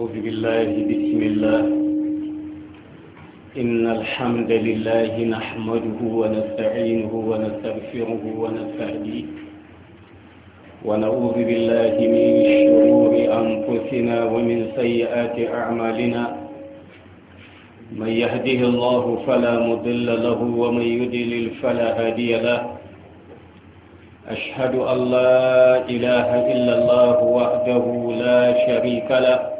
أعوذ بالله بسم الله إن الحمد لله نحمده ونستعينه ونستغفره ونستهديه ونعوذ بالله من شرور أنفسنا ومن سيئات أعمالنا من يهده الله فلا مضل له ومن يضلل فلا هادي له أشهد أن لا إله إلا الله وحده لا شريك له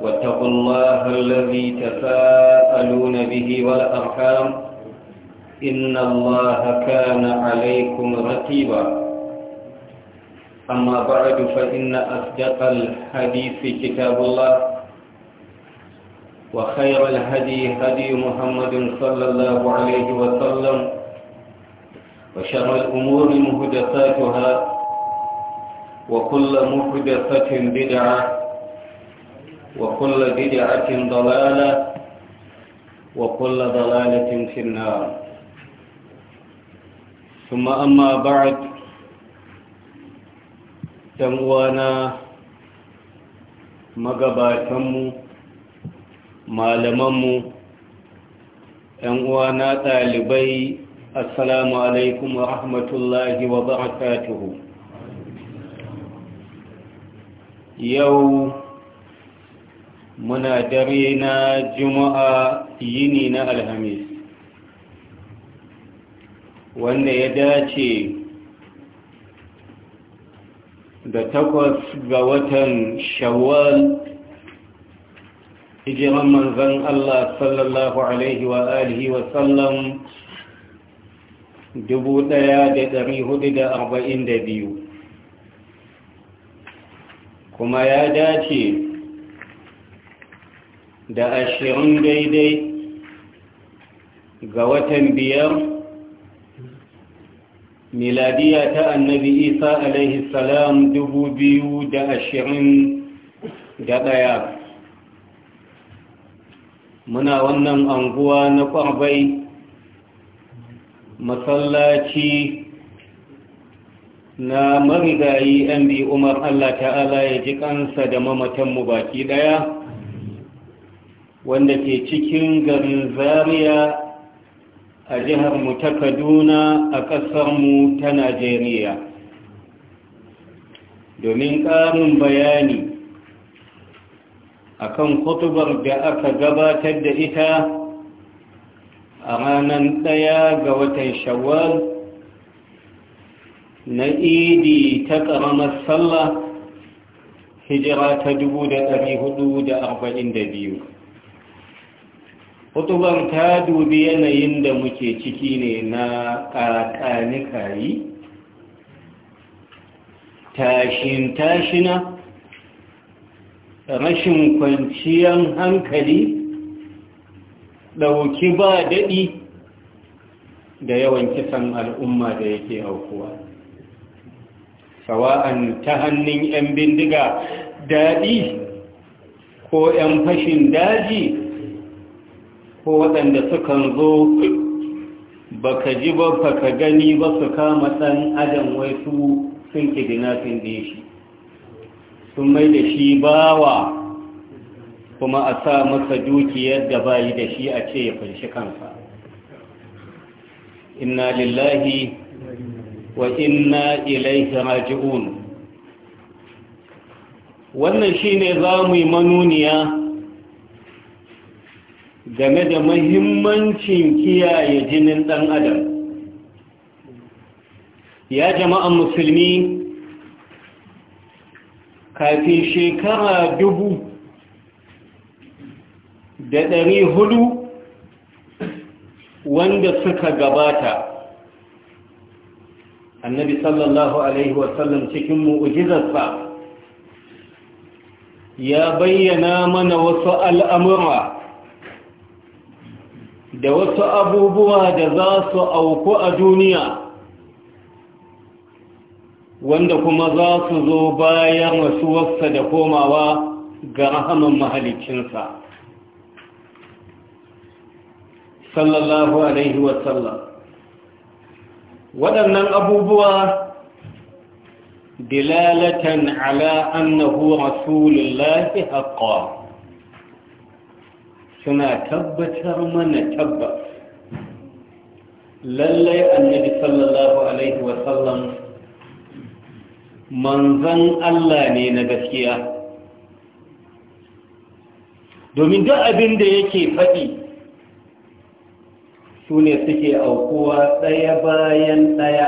واتقوا الله الذي تفاءلون به والأرحام إن الله كان عليكم رتيبا أما بعد فإن أصدق الحديث كتاب الله وخير الهدي هدي محمد صلى الله عليه وسلم وشر الأمور مهدساتها وكل مهدسة بدعة وكل بدعة ضلالة وكل ضلالة في النار ثم أما بعد تموانا magabatanmu malamanmu ‘yan uwana ɗalibai assalamu alaikum wa rahmatullahi wa barakatuhu yau muna dare na juma'a yini na alhamis wanda ya dace da takwas ga watan shawwal hijiran manzan Allah sallallahu alaihi wa alihi wa sallam biyu, kuma ya dace da ashirin daidai ga watan biyar miladiya ta annabi isa alaihi salam dubu biyu da ashirin da ɗaya muna wannan anguwa na ƙwarbai masallaci na marigayi bi umar allah ta'ala ya ji kansa da mamatanmu baki ɗaya wanda ke cikin garin zaria a jihar mu ta kaduna a ƙasarmu ta najeriya domin ƙarin bayani akan kutubar da aka gabatar da ita a ranar ɗaya ga watan Shawar na idi ta ƙaramar sallah hijira ta biyu. hutubar ta dubi yanayin da muke ciki ne na ƙaƙanikayi tashin-tashina rashin kwanciyan hankali ɗauki ba daɗi da yawan kisan al'umma da yake aukuwa sawa'an ta hannun 'yan bindiga daɗi ko 'yan fashin daji ko waɗanda sukan zo baka ji ba baka gani ba su kama ɗan adam wai su sun kidina sun da shi sun mai da shi bawa kuma a sa masa dukiyar da bayi da shi a ce ya fanshi kansa inna lillahi wa inna ilaihi raji'un wannan shine za mu yi manuniya game da mahimmancin kiyaye jinin ɗan adam ya jama'an musulmi kafin shekara dubu da ɗari hudu wanda suka gabata annabi sallallahu alaihi wasallam cikin mu'ujizarsa ya bayyana mana wasu al'amura da wasu abubuwa da za su auku a duniya wanda kuma za su zo bayan rasuwarsa da komawa ga rahaman mahalicinsa sallallahu alaihi wasallam waɗannan abubuwa dilalatan ala annahu rasulullahi haqqan suna tabbatar mana tabbas lallai annabi sallallahu alaihi wasallam manzan Allah ne na gaskiya domin duk abin da yake faɗi sune suke aukuwa ɗaya bayan ɗaya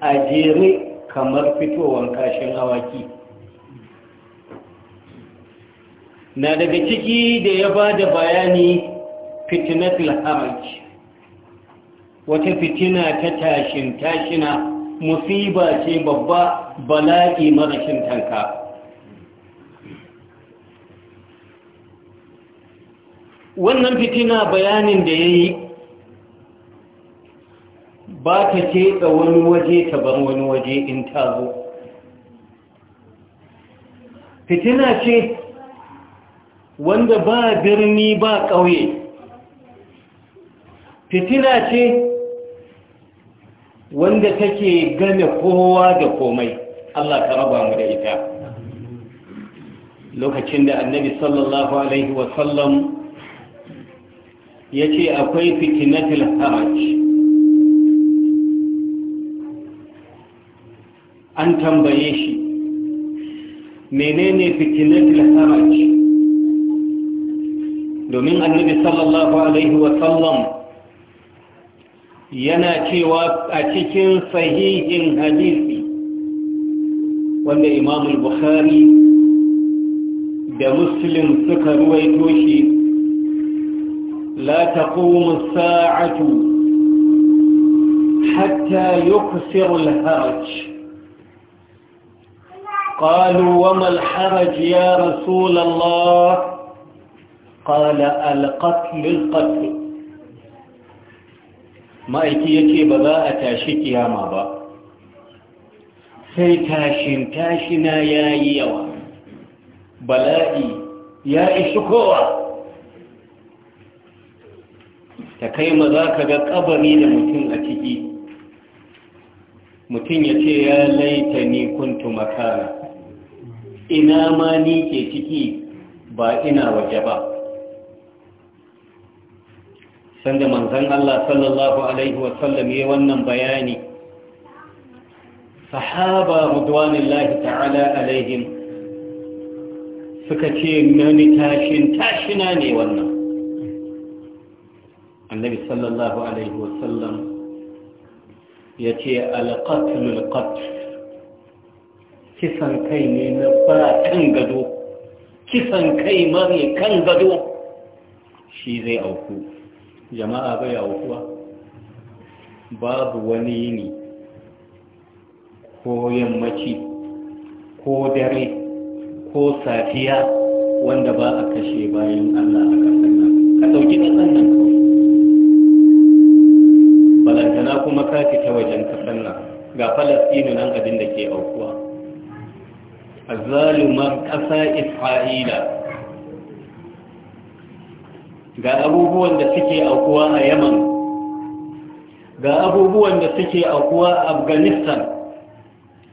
a jere kamar fitowar kashin awaki na daga ciki da ya ba da bayani fitinatul haraj wata fitina ta tashin tashina musiba ce babba bala'i marashin tanka wannan fitina bayanin da ya yi ba ta ce da wani waje ta bar wani waje in ta zo fitina ce wanda ba birni ba ƙauye fitina ce wanda take game kowa da komai Allah ka raba mu da ita lokacin da annabi sallallahu alaihi wasallam ya ce akwai fitinatul haraj an tambaye shi menene fitinatul haraj domin annabi sallallahu alaihi wasallam yana cewa a cikin sahihin hadisi wanda imam al bukhari da muslim suka ruwaito shi la taqum as sa'atu hatta yuksiru al-haraj قالوا وما الحرج يا رسول الله qala al-qatl al-qatl ma'aiki yace ba za a tashi kiyama ba sai tashin tashina yayi yawa bala'i ya ishi kowa ta kai ma ka ga kabari da mutum a ciki mutum ya ce ya laita kuntu makara ina ma ni ke ciki ba ina waje ba sanda manzan Allah sallallahu Alaihi wasallam ya wannan bayani sahaba rudwanillahi ta'ala alaihim suka ce mani tashin tashina ne wannan annabi sallallahu Alaihi wasallam ya ce alƙatulul ƙatul kisan kai ne na ba kan gado kisan kai mare kan gado shi zai auku jama'a bai aukuwa babu wani yini ko yammaci ko dare ko safiya wanda ba a kashe bayan Allah a ƙasar nan ka ɗauki ƙasar nan balantana kuma ka ta wajen ƙasar nan ga falastinu nan abin da ke aukuwa a zalumar ƙasa isra'ila ga abubuwan da suke aukuwa a yaman ga abubuwan da suke aukuwa a afghanistan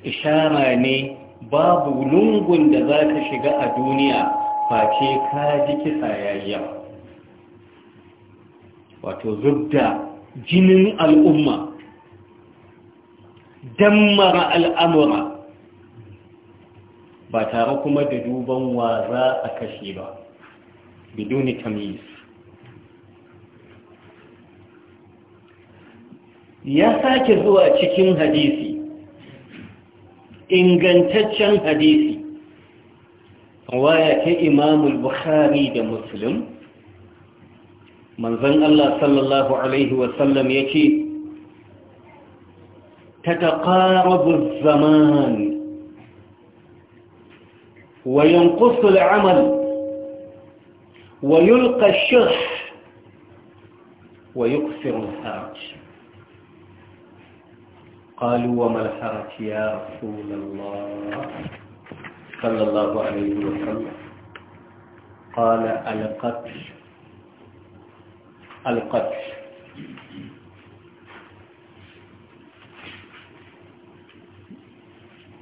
ishara ne babu lungun da za ka shiga a duniya face ka ji kisa yayyan wato zubda jinin al'umma dammara al'amura ba tare kuma da duban wa za a kashe ba biduni tamis. ya sake zuwa cikin hadisi ingantaccen hadisi waya ta imamul bukhari da muslim manzan Allah sallallahu Alaihi wasallam ya ce ta taƙarabu zaman wayan kusur amal ويلقى الشح ويكسر الحرج قالوا وما الحرج يا رسول الله صلى الله عليه وسلم قال القتل القتل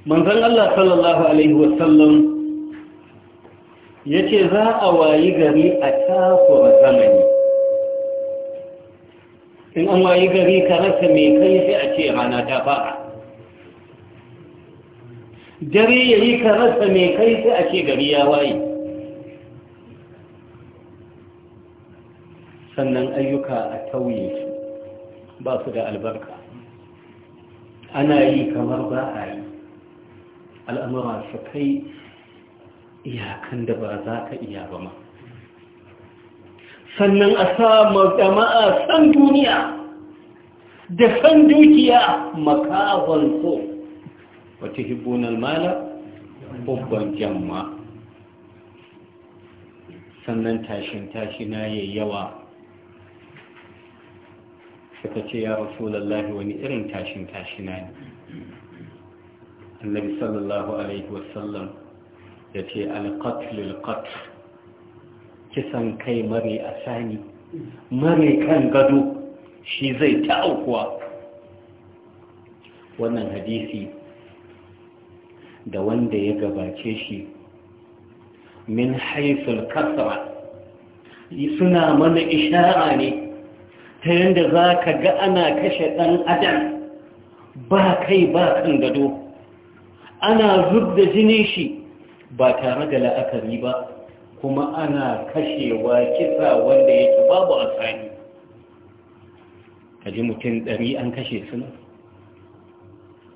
منزل الله صلى الله عليه وسلم يتزاء ويغري أتاف وزمني in an wayi gari ka rasa mai kai sai a ce rana ta fara dare ya yi ka rasa mai kai sai a ce gari ya waye sannan ayyuka a tauye su ba su da albarka ana yi kamar ba a yi al'amura su kai iyakan da ba za ka iya ba ma sannan a sama jama'a san duniya da san dukiya makawan so wata hibbunan mala babban jamma sannan tashin tashina ya yawa suka ce ya rasu lallahi wani irin tashin tashina ne annabi sallallahu alaihi wasallam ya ce alƙatlil ƙatlil kisan kai mare Sani, mare kan gado shi zai ta aukuwa wannan hadisi da wanda ya gabace shi min haifar kasara suna mana ishara ne ta yadda za ka ga ana kashe ɗan adam ba kai ba kan gado ana zub da jini shi ba tare da la'akari ba kuma ana kashewa kisa wanda yake babu asali ka ji mutum ɗari an kashe su nan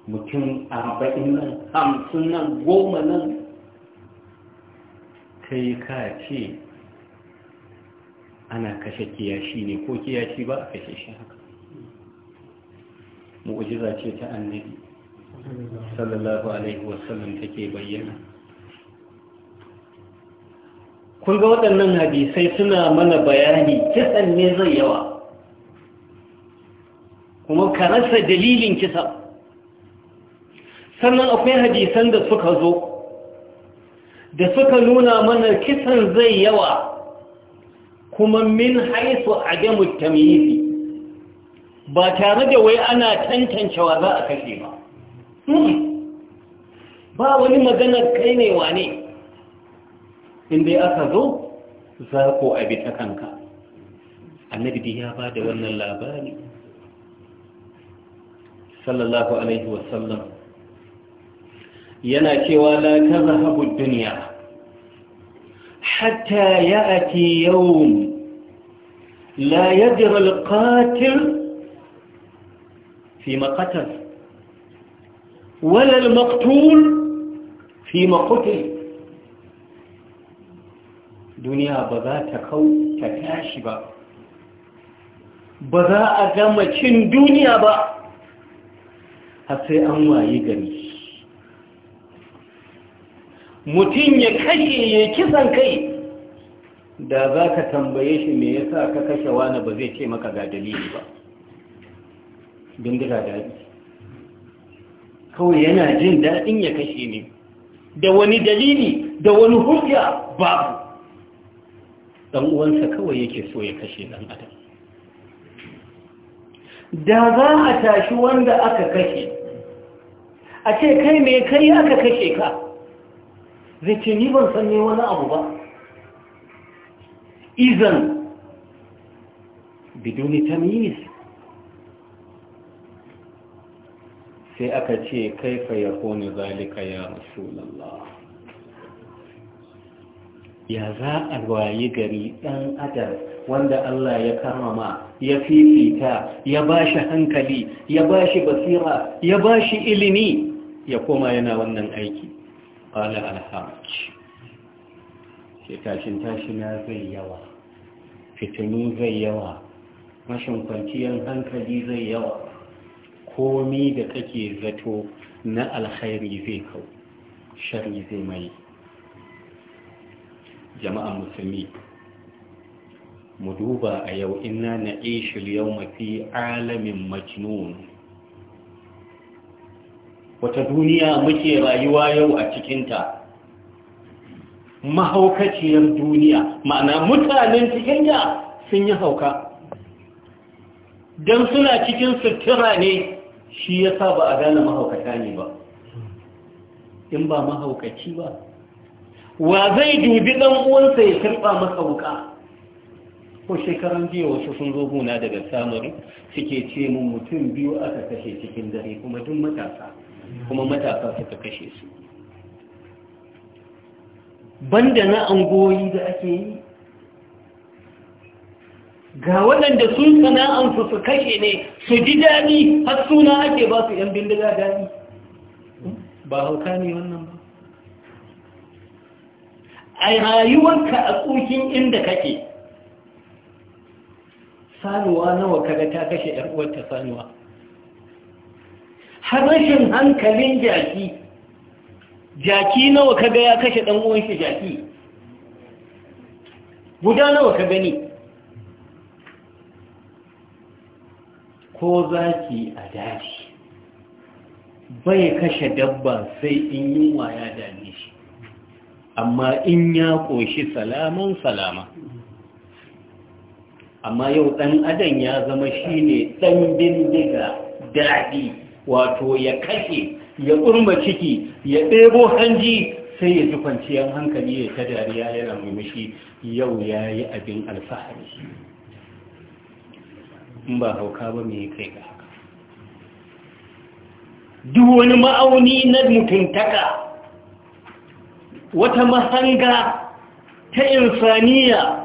mutum arba'in nan hamsin nan goma nan kai ka ce ana kashe kiyashi ne ko kiyashi ba a kashe shi haka mu'ujiza ce ta annabi sallallahu alaihi wasallam take bayyana kun ga waɗannan hadisai suna mana bayani kisan ne zai yawa kuma ka rasa dalilin kisa sannan akwai hadisan da suka zo da suka nuna mana kisan zai yawa kuma min haisu a gamu tamyizi ba tare da wai ana wa za a kashe ba hmm. ba wani maganar kai ne wane in dai aka zo za ku abi ta kanka annabi ya ba da wannan labari sallallahu alaihi wasallam yana cewa la ta zahabu duniya hatta ya ake yawon la yadir alƙatir fi maƙatar walal maktul fi maƙutul duniya ba za ta kau ta tashi ba ba za a gama cin duniya ba har sai an waye gari mutum ya kashe ya kisan kai da za ka tambaye shi me yasa ka kashe wani ba zai ce maka ga dalili ba bindiga daɗi kawai yana jin daɗin ya kashe ne da wani dalili da wani hujja babu dan uwansa kawai yake so ya kashe dan adam da za a tashi wanda aka kashe a ce kai me kai aka kashe ka zai ce ni ban san ne wani abu ba izan biduni tamyiz sai aka ce kai kaifa yakunu zalika ya rasulullah ya za a wayi gari ɗan adam wanda Allah ya karrama ya fifita ya ba shi hankali ya ba shi basira ya ba shi ilimi ya koma yana wannan aiki ƙwala alhamd sai tashin tashina zai yawa fitinu zai yawa mashin kwanciyar hankali zai yawa komi da kake zato na alkhairi zai kau shari zai mai jama'an musulmi mu duba a yau ina na ishil yau mafi alamin majnun wata duniya muke rayuwa yau a cikinta mahaukaciyar duniya ma'ana mutanen cikinta sun yi hauka don suna cikin sutura ne shi ya sa ba a gane mahaukata ne ba in ba mahaukaci ba wa zai dubi ɗan uwansa ya karɓa masa wuka ko shekaran jiya wasu sun zo huna daga samari suke ce mu mutum biyu aka kashe cikin dare kuma duk matasa kuma matasa suka kashe su banda na angoyi da ake yi ga waɗanda sun sana'ansu su kashe ne su ji daɗi har suna ake ba su ‘yan bindiga daɗi ba hauka ne wannan ba a rayuwarka a tsokin inda kake sanuwa nawa kaga ta kashe uwarta sanuwa har rashin hankalin jaki jaki nawa kaga ya kashe ɗan'uwanshi jaki guda nawa ka gani ko za ki a daji bai kashe dabba sai in yunwa ya dame shi amma in ya ƙoshi salaman salama amma yau ɗan adam ya zama shi ne ɗan bindiga daɗi wato ya kashe ya ƙurma ciki ya ɗebo hanji sai ya ji kwanciyar hankali ya ta dariya yana murmushi yau ya yi abin alfahari in ba hauka ba mai kai ga haka duk wani ma'auni na mutuntaka wata mahanga ta insaniya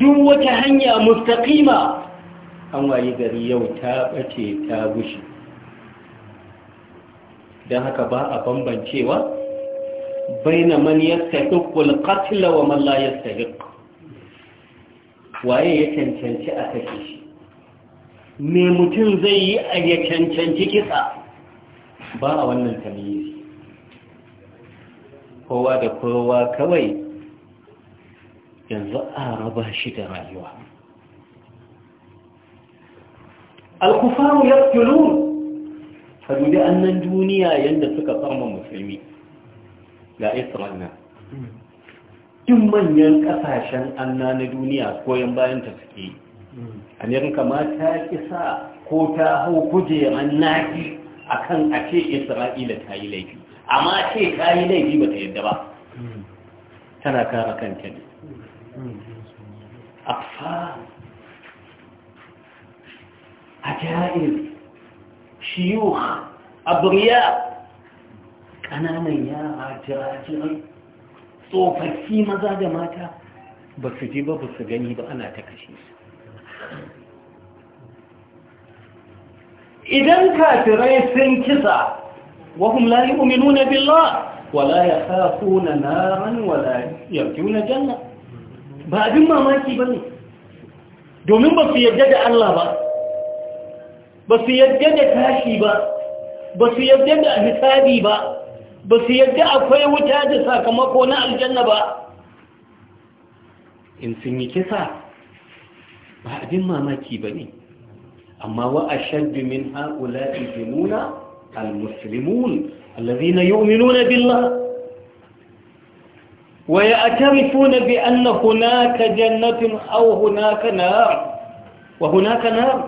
duk wata hanya mustaƙima an wayi gari yau ta ɓace ta gushi don haka ba a bambancewa baina man yastahiqqul qatl wa man la yastahiqq waye ya cancanci a kashe shi me mutum zai yi a ya cancanci kisa ba a wannan tamyiz kowa da kowa kawai yanzu a raba shi da rayuwa alkufaru ya tsulu ka dubi annan duniya yadda suka farma musulmi ga isra'il na duk manyan kasashen anna na duniya koyon bayan ta suke amerika ma ta kisa ko ta hau kujeran naki akan a ake isra'ila ta yi laifi amma ce ka yi laifi ba ta yadda ba tana kama kanta ne A afa ajaib shiyuh abriya ƙananan yara jirajirai tsofaffi maza da mata ba su ji ba ba su gani ba ana ta kashe su idan kafirai sun kisa وهم لا يؤمنون بالله ولا يخافون نارا ولا يرجون جنة ba abin mamaki ba ne domin ba su da Allah ba ba su da tashi ba ba su da hisabi ba ba su yadda akwai wuta da sakamako na aljanna ba in sun yi kisa ba abin mamaki amma wa a shaddu min haƙula المسلمون الذين يؤمنون بالله ويعترفون بأن هناك جنة أو هناك نار وهناك نار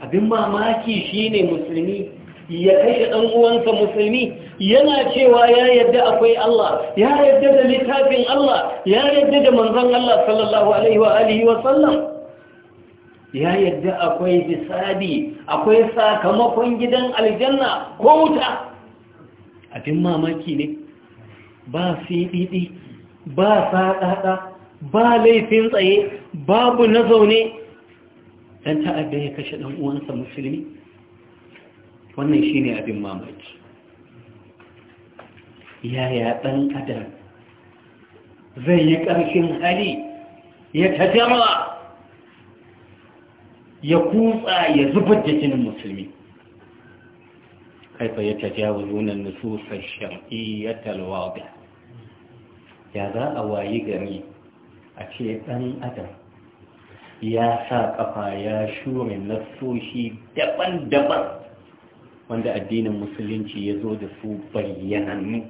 abin mamaki shine musulmi ya kashe ɗan uwansa musulmi yana cewa ya yadda akwai Allah ya yadda da littafin Allah ya yadda da manzon Allah sallallahu alaihi wa alihi wa sallam ya yarda akwai hisabi akwai sakamakon gidan aljanna ko wuta abin mamaki ne ba fiɗiɗi ba saɗaɗa ba laifin tsaye babu na zaune ɗan ta'adda ya kashe ɗan uwansa musulmi wannan shi ne abin mamaki yaya ɗan adam zai yi ƙarfin hali ya tajama ya kutsa ya zubar da jinin musulmi kaifa ya tajawuzuna nususar shar'iyyatal wadi ya za a wayi gari a ce ɗan adam ya sa ƙafa ya shure nasoshi daban-daban wanda addinin musulunci ya zo da su bayyanannu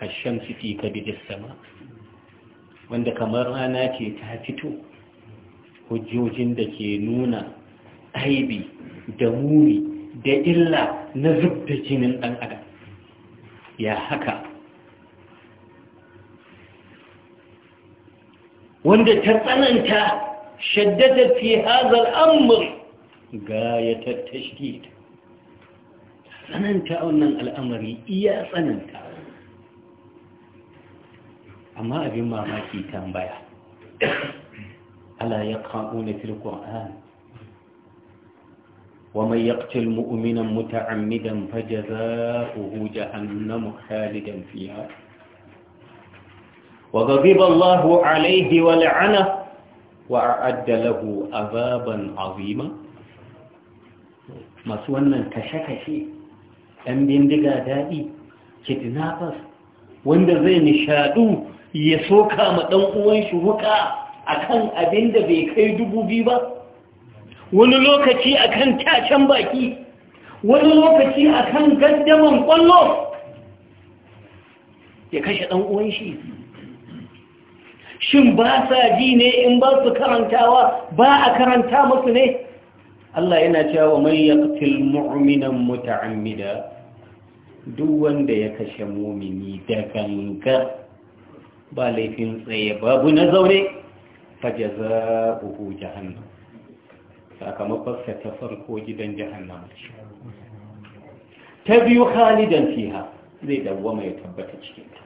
kashen su fi sama wanda kamar rana ce ta fito hujjojin da ke nuna aibi da muni da illa na zub da jinin ɗan adam ya haka wanda ta tsananta shaddata fi hazar amur gayatar ta, tsananta wannan al'amari iya tsananta amma abin mamaki tambaya ألا يقرؤون في القرآن ومن يقتل مؤمنا متعمدا فجزاؤه جهنم خالدا فيها وغضب الله عليه ولعنه وأعد له عذابا عظيما masu wannan kashe-kashe ɗan bindiga daɗi kidnappers wanda zai nishaɗu ya soka ma ɗan uwan shi wuka A kan abin da bai kai dubu biyu ba wani lokaci a kan tacen baki wani lokaci a kan gaddaman kwallo ya kashe ɗan shi shin ba sa ji ne in ba su karantawa ba a karanta masu ne Allah yana cewa ya yaqtil mu'minan muta'ammida duk wanda ya kashe mumini da ganga ba laifin tsaye babu na zaune fajaza'uhu jahannam sakamakon sa ta farko gidan ce. ta biyu khalidan fiha zai dawwama ya tabbata cikinta.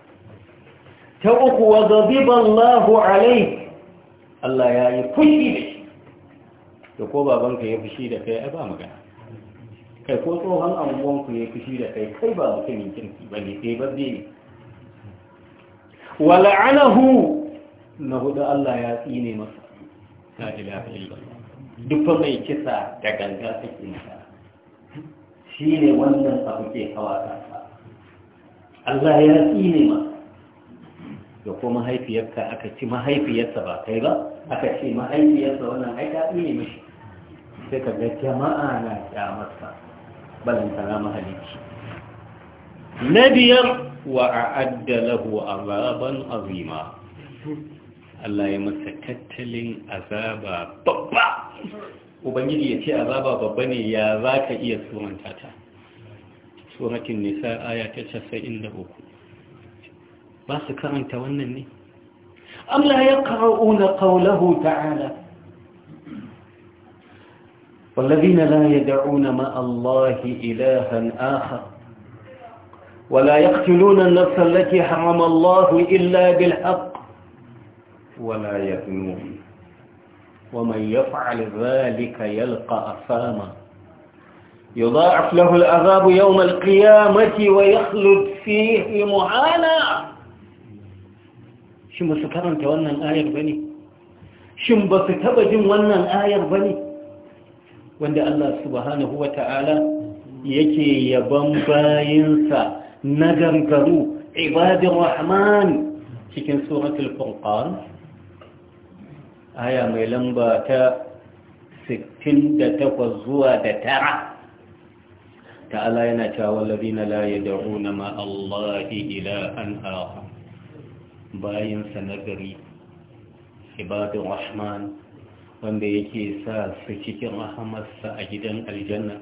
ta uku wa ghadiba Lahu alayhi Allah ya yi fushi da shi da ko babanka ya fushi da kai ai ba magana kai ko tsohon anguwanku ya fushi da kai kai ba mutumin kirki bane kai ba zai ne wa la'anahu na hudu Allah ya tsine masa ta ilaha illallah duk mai kisa da gangar take ta shi ne wannan abu ke hawa ta Allah ya tsine masa da kuma mahaifiyarka aka ci mahaifiyarsa ba kai ba aka ce mahaifiyarsa wannan ai ta tsine mishi sai ka ga jama'a na kyamarsa balantana mahalicci na biyar wa a'adda lahu azaban azima Allah ya masa tattalin azaba babba ubangiji ya ce azaba babba ne ya za ka iya suranta ta suratun nisa aya ta 93 ba su karanta wannan ne Allah ya qara'una qawluhu ta'ala والذين لا يدعون مع الله إلها آخر ولا يقتلون النفس التي حرم الله إلا بالحق ولا يذنون ومن يفعل ذلك يلقى أثاما يضاعف له العذاب يوم القيامة ويخلد فيه مهانا shin ba su karanta wannan ayar ba ne shin ba su taba jin wannan ayar ba ne wanda Allah subhanahu wa ta'ala yake yaban bayinsa na gargaru ibadin rahman cikin suratul furqan aya mai lamba ta 68 zuwa da tara ta'ala yana cewa ladina la yad'una ma Allahi an akhar bayin sanagari ibadu rahman wanda yake sa su cikin rahamarsa a gidan aljanna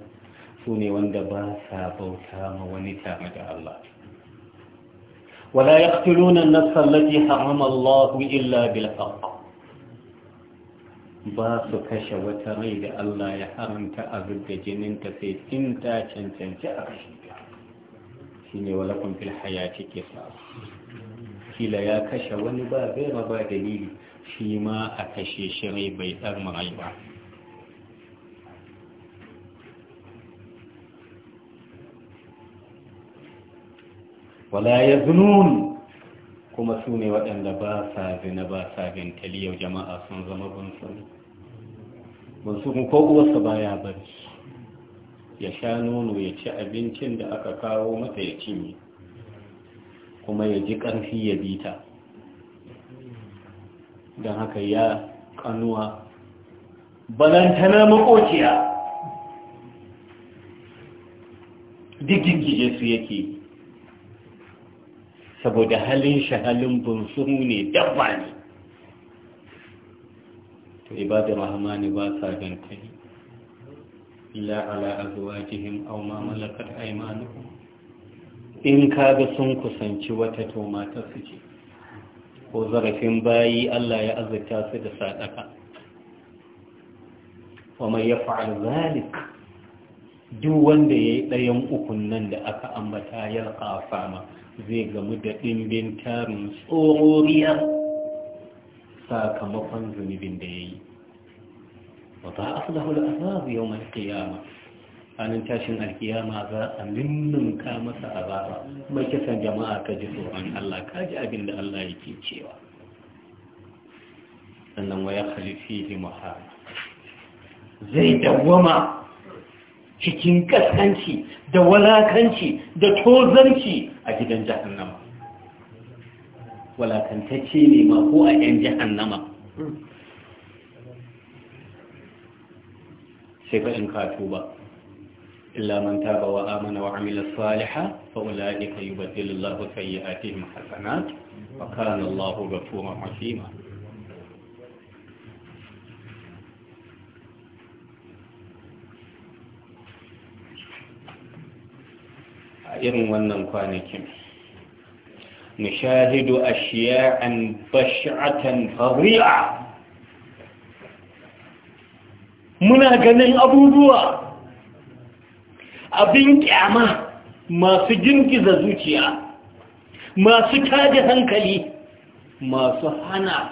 su ne wanda ba sa bauta ma wani tare da Allah wala yaqtuluna an-nafsa allati harama Allah illa bil ba su kashe wata rai da Allah ya haramta a zubda jininta sai in ta cancanci a kashe ta shi ne walakun fil hayati ke sa kila ya kashe wani ba gaira raba dalili shi ma a kashe shi rai bai ɗar marai ba wala ya zunun kuma su ne waɗanda ba sa zina ba sa gantali yau jama'a sun zama ban mansur ko uwarsa baya bari ya sha nono ya ci abincin da aka kawo mata ya cinye kuma ya ji ƙarfi ya bi ta, don haka ya kanuwa balantana makociya digigije su yake saboda halin shahalin bunsuru ne dabba ne to ibadar rahmani ba sa gantari illa ala azwajihim aw ma malakat aymanuhum in kaga sun kusanci wata to mata su ce ko zarafin bayi Allah ya azurta su da sadaka wa man yaf'al zalik duk wanda yayi ɗayan ukun nan da aka ambata yalqa fama zai gamu da dimbin tarin tsororiyar sakamakon zunubin da ya yi wa ba a al'azabu yau mai kiyama ranar tashin alkiyama za a ninninka masa azaba mai kisan jama'a ka ji tsoron Allah ka ji abin da Allah yake cewa sannan waya khalifihi muhammad zai dawwama cikin kaskanci da walakanci da tozanci a gidan jahannama walakantacce ne ma ko a 'yan jahannama sai fa in ka tuba illa man taba wa amana wa amila salihan fa ulaika yubaddilu Allahu sayyi'atihim hasanat wa kana Allahu ghafuran rahima a irin wannan kwanakin نشاهد أشياء بشعة فظيعة muna ganin abubuwa abin ƙyama masu jingiza zuciya masu taji hankali masu hana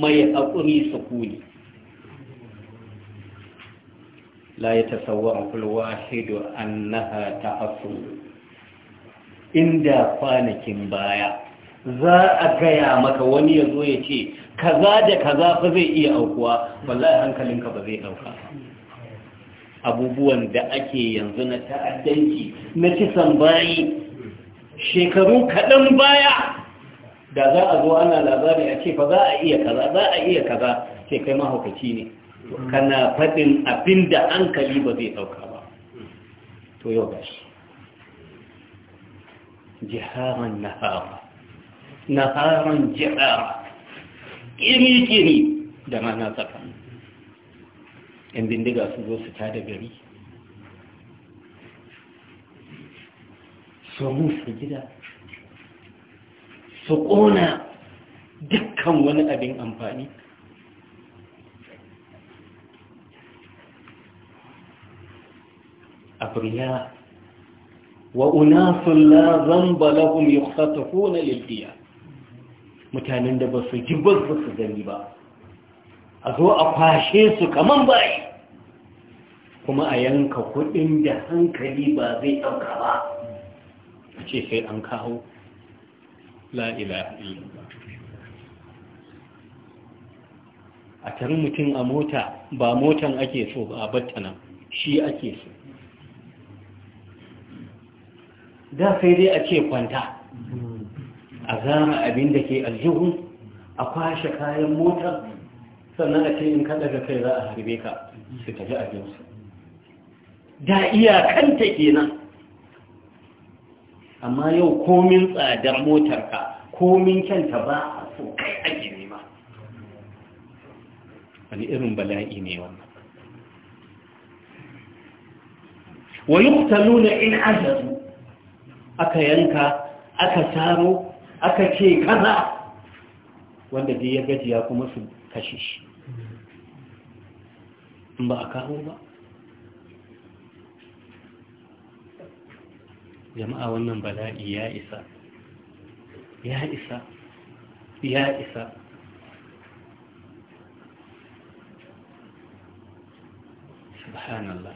mai haƙuri sukuni la ya tasawwara kulwa hido annaha ta haƙuri inda kwanakin baya za a gaya maka wani ya zo ya ce kaza da kaza fa zai iya aukuwa wallahi hankalinka ba zai dauka abubuwan da ake yanzu na ta'addanci na kisan bayi shekaru kaɗan baya da za a zo ana labari a ce fa za a iya kaza za a iya kaza ce kai mahaukaci ne kana faɗin abin da hankali ba zai ɗauka ba to yau gashi jiharan nahara naharan jihara kiri-kiri da rana tsaka yan bindiga su zo su tada gari su rufe gida su ƙona dukkan wani abin amfani abriya wa unasun la zamba lahum yukhatafuna lil mutanen da ba su ji ba su gani ba a zo a kwashe su kaman bayi kuma a yanka kudin da hankali ba zai ɗauka ba a ce sai an kawo la'ila a tarin mutum a mota ba motan ake so ba a battana shi ake so da sai dai a ce kwanta a zama abin da ke aljihu a kwashe kayan motar sannan a ce in kada da kai za a harbe ka su tafi abinsu da iyakanta kenan amma yau komin tsadar motarka komin kyanta ba a so kai ake nema wani irin bala'i ne wannan wa yuktaluna in ajazu aka yanka aka taro aka ce kaza wanda dai ya gaji ya kuma su kashe shi ba a kawo ba jama'a wannan bala'i ya isa ya isa ya isa subhanallah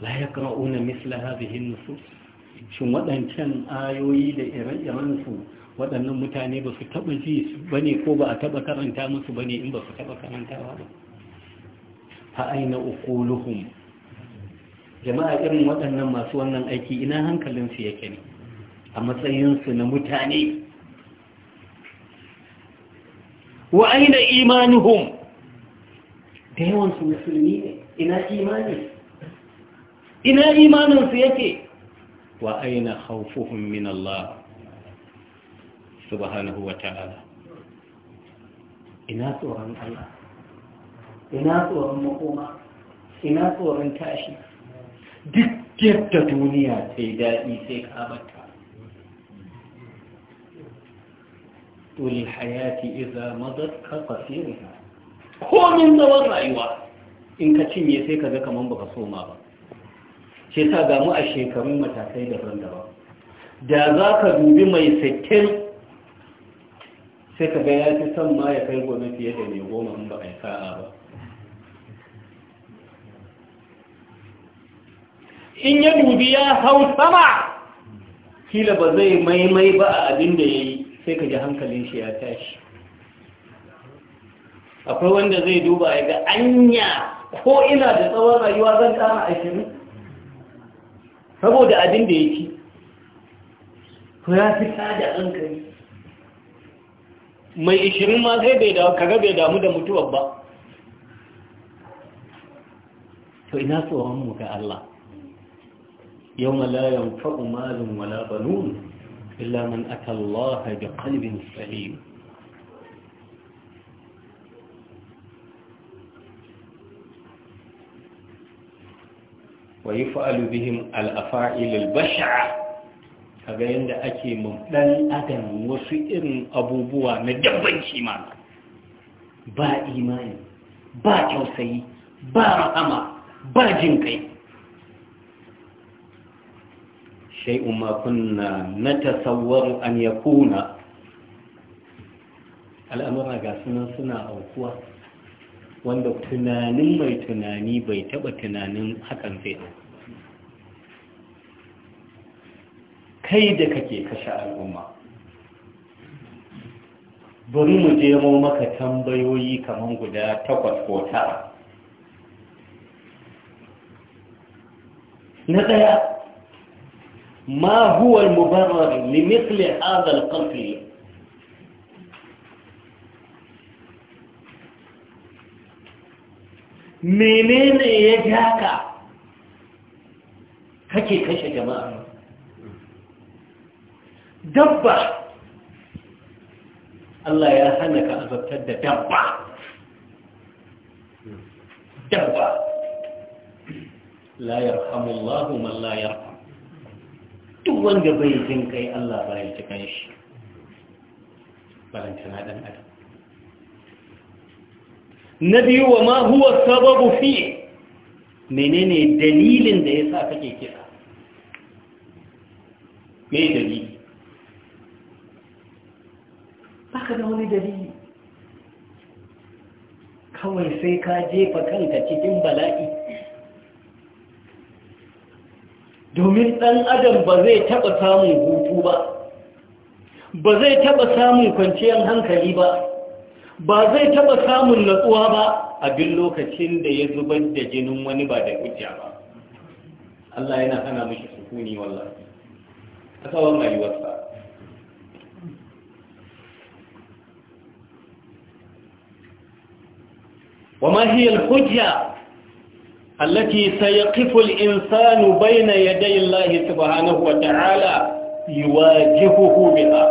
لا يقرؤون مثل هذه النصوص shin waɗancan ayoyi da ire-irensu waɗannan mutane ba su taɓa ji ba ne ko ba a taɓa karanta musu ba ne in ba su taɓa karantawa ba A aina ukuluhum jama'a irin waɗannan masu wannan aiki ina hankalinsu yake ne a matsayinsu na mutane wa aina imanuhun da yawansu musulmi ne ina imanin ina imaninsu yake wa aina khawfuhum min Allah subhanahu wa ta'ala ina tsoron Allah ina tsoron makoma ina tsoron tashi duk yadda duniya sai daɗi sai kabata tuli hayati iza madar ka fasiriya komin zaman rayuwa in ka cinye sai ka ga kaman baka soma ba shi ta gamu a shekarun matakai daban-daban da za ka dubi mai sittin sai ka ga ya fi son ma ya kai fiye da mai goma in ba a yi sa'a ba in ya dubi ya hau sama kila ba zai maimai ba a abin da ya yi sai ka ji hankalin shi ya tashi akwai wanda zai duba ya ga anya ko ina da tsawon rayuwa zan kama ashirin saboda abin da ya ci to ya fi sada hankali mai ishirin ma sai bai da kaga bai damu da mutuwar ba to ina tsoron mu ga Allah yau yanfa'u malun wala banun illa man atallaha Allah ga kalbin wa yi fa'alu bihim al'afa'ilil basha'a kaga yadda ake ɗan adam wasu irin abubuwa na dabbanci ma ba imani ba tausayi ba rahama, ba jin kai shai'un ma kunna na tasawwar an ya al'amura ga suna suna aukuwa wanda tunanin mai tunani bai taba tunanin hakan zai kai da kake kashe al'umma bari mu je mu maka tambayoyi kamar guda takwas ko ta. na ɗaya ma huwa al-mubarrar li mithli hadha menene ya ja ka kake kashe jama'a dabba Allah ya hana ka azabtar da dabba dabba la yarhamullahu man la yarham duk wanda bai jin kai Allah ba ya ji kan shi balantana dan adam na biyu wa ma huwa sababu fi menene dalilin da yasa sa kake kira me dalili baka da wani dalili kawai sai ka jefa kanka cikin bala'i domin ɗan adam ba zai taɓa samun hutu ba ba zai taɓa samun kwanciyar hankali ba ba zai taɓa samun natsuwa ba abin lokacin da ya zubar da jinin wani ba da hujja ba Allah yana hana mishi sukuni wallahi a tsawon rayuwarsa hujja هي الحجة التي سيقف الإنسان بين يدي الله سبحانه وتعالى يواجهه بها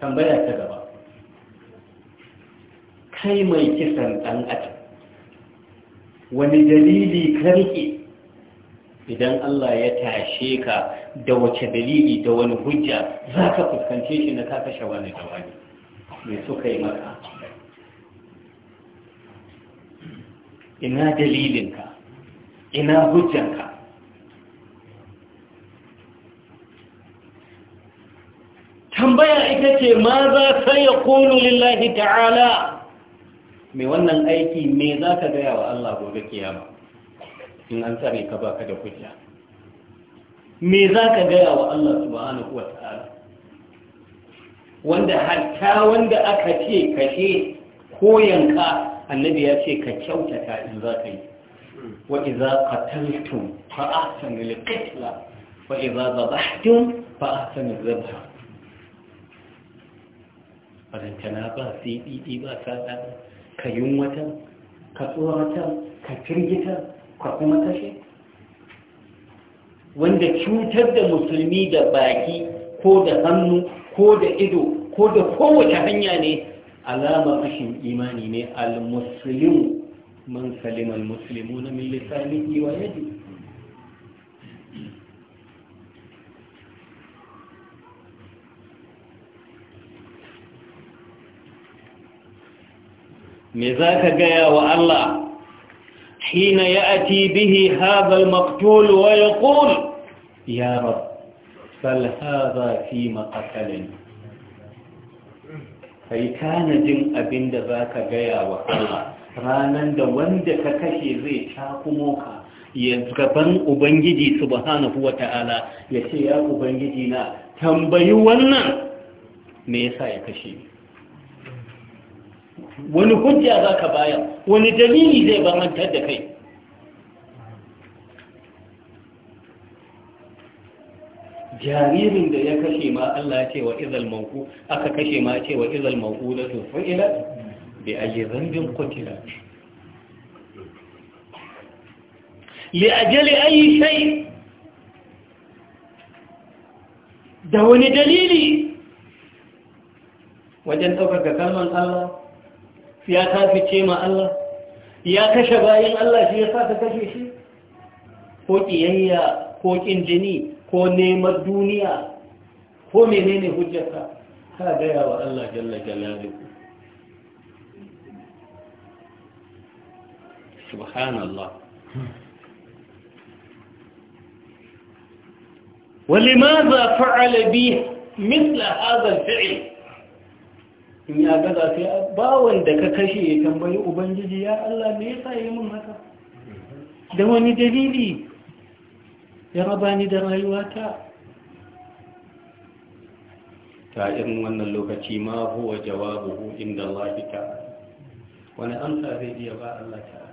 تنبيه كذا kai mai kisan ɗan adam wani dalili ka riƙe idan Allah ya tashe ka da wace dalili da wani hujja za ka fuskance shi na ka kashe wani da wani mai suka yi maka ina dalilinka ina hujjanka tambaya ita ce ma za sai ya kunu lillahi ta'ala mai wannan aiki me za ka gaya wa Allah gobe kiyama in an tsare ka ba ka da kujya. me za ka gaya wa Allah subhanahu wa ta'ala wanda hatta wanda aka ce kashe koyan ka, annabi ya ce ka kyautata in za ka yi wa iza qataltum fa ahsinu al-qitla wa iza dhabhtum fa ahsinu al-dhabh ba sai ɗiɗi e e ba sa ka yunwatan ka tsoratan ka firgita ka kuma kashe wanda cutar da musulmi da baki ko da hannu ko da ido ko da kowace hanya ne alama rashin imani ne al musulmi man salim al na min ne iwaye me za ka gaya wa Allah hina ya ati bihi hadal maktul wa ya ƙul ya rab sal haza fi makasalin kai tanajin abin da za ka gaya wa Allah ranar da wanda ka kashe zai takumo ka ya gaban ubangiji subhanahu wata'ala ya ce ya ubangiji na tambayi wannan me yasa ya kashe wani hujja za ka bayar wani dalili zai bamantar da kai jaririn da ya kashe ma Allah ce wa izal mauku aka kashe ma ce wa izal mauku da to fa'ila bi ayi zambin kutila li ajali ayi shay da wani dalili wajen ɗaukar ga kalmar Allah ya kafice ma Allah ya kashe bayan Allah shi ya sa ka kashe shi ko ƙiyayya ko ƙin jini ko neman duniya ko menene hujjarka ka gaya wa Allah jalla jalaluhu subhanallah ولماذا فعل بي مثل هذا الفعل in ya gaza sai ba da ka kashe ya tambayi ubangiji ya Allah me yasa yi min haka da wani dalili ya raba ni da rayuwata ta irin wannan lokaci ma huwa jawabuhu inda Allah ta wani amsa zai iya ba Allah ta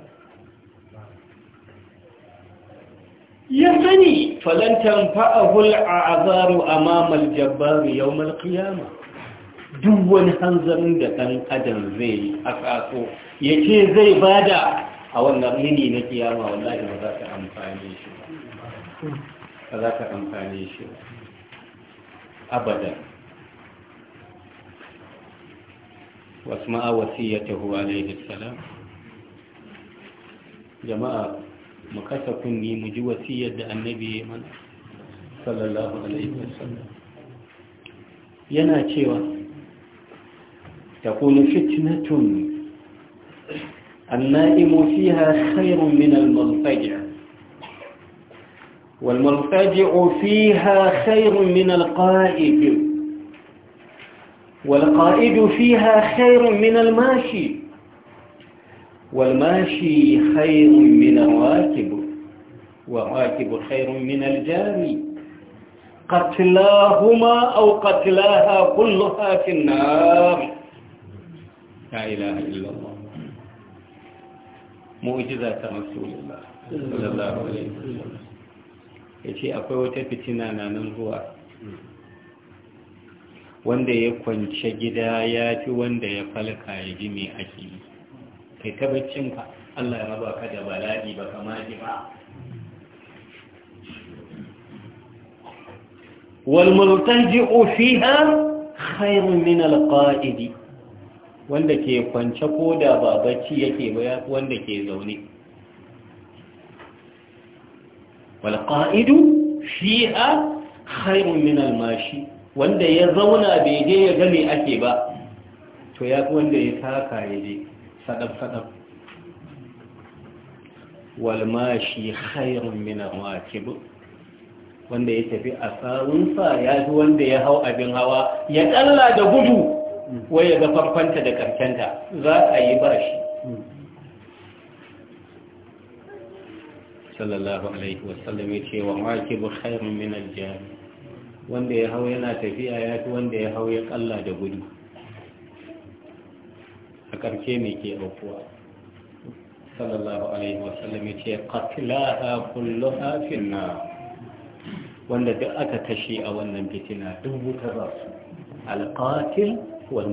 ya sani falantan fa'ahul a azaru amamal jabbar yawmal qiyamah duk wani hanzarin da ɗan zai zai hasaso ya ce zai bada a wannan yini na kiyama wallahi ba za ka amfani shi ba za ka amfani shi abadan wasu ma'a wasiyyatahu alaihi salam jama'a mu kasa kunni mu ji wasiyar da annabi ya mana sallallahu alaihi wasallam yana cewa يقول فتنة النائم فيها خير من المضطجع والمضطجع فيها خير من القائد والقائد فيها خير من الماشي والماشي خير من الراكب والراكب خير من الجاري قتلاهما أو قتلاها كلها في النار la ilaha illallah mu'jiza ta rasulullah sallallahu alaihi wasallam yace akwai wata fitina na nan zuwa wanda ya kwance gida ya ci wanda ya falka ya ji mai ake kai ta baccinka Allah ya raba ka da bala'i ba kama ji ba wal murtaji'u fiha khairun min al-qa'idi wanda ke kwance ko da ba bacci yake ba wanda ke zaune wal qa'idu fiha khairun min al mashi wanda ya zauna bai je ya ga me ake ba to ya wanda ya taka ya je sadab sadab wal mashi khairun min al waqib wanda ya tafi a sawunsa ya ji wanda ya hau abin hawa ya kalla da gudu wai ya ga farfanta da karkenta za a yi ba shi sallallahu alaihi wasallam ya ce wa makibu khairun min aljami wanda ya hau yana tafiya ya fi wanda ya hau ya kalla da gudu a karke mai ke aukuwa sallallahu alaihi wasallam ya ce a kullu a finna. wanda duk aka kashe a wannan fitina duk wuta za su alƙatil wal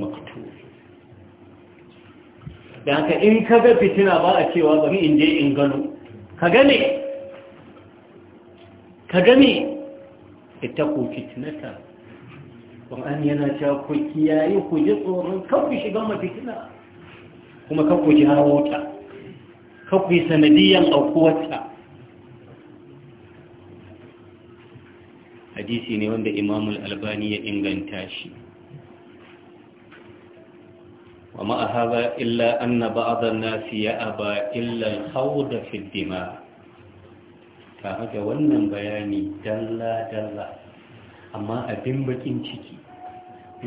da haka in kaga fitina ba a cewa bari in je in gano ka gane ka gane ittaku fitinata, Qur'an yana cewa ku kiyaye ku ji tsoron kawai shiga ma fitina, kuma kar ku ji hawota kar ku yi aukuwarta hadisi ne wanda imamul albani ya inganta shi وما هذا إلا أن بعض الناس يأبى إلا الخوض في الدماء kaga wannan bayani dalla-dalla amma abin bakin ciki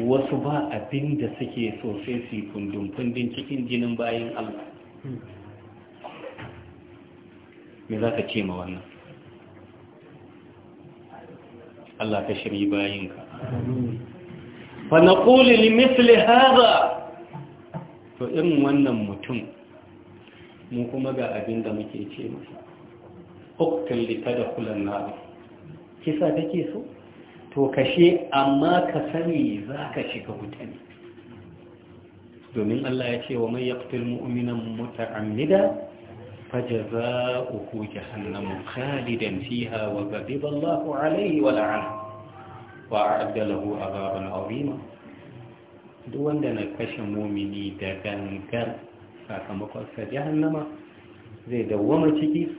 wasu ba abinda suke sosai sai su kundin-kundin cikin jinin bayan Allah me za ka ce ma wannan Allah ka shiri bayinka fa na ƙuli limisli haza to irin wannan mutum mu kuma ga abin da muke ce masa uktan lita da kulan nabi kisa take so to kashe amma ka sani za ka shiga wuta ne domin Allah ya ce wa mai yaktul mu'minan muta'ammida فجزاؤه جهنم خالدا فيها وغضب الله عليه ولعنه وأعد a عذابا عظيما duk wanda na kashe mumini da gangar sakamakon sa jahannama zai dawwama ciki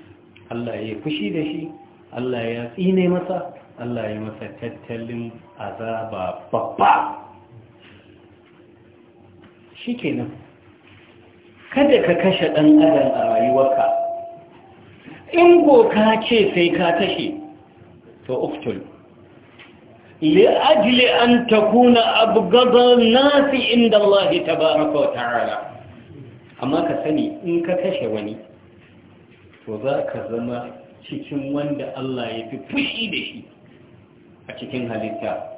Allah ya fushi da shi Allah ya tsine masa Allah ya masa tattalin azaba babba shikenan kada ka kashe ɗan adam a rayuwarka in ko ka ce sai ka kashe to uktul لأجل أن تكون أبغض الناس عند الله تبارك وتعالى أما wani, إنك za وذاك زما cikin wanda Allah ya fi fushi da shi a cikin halitta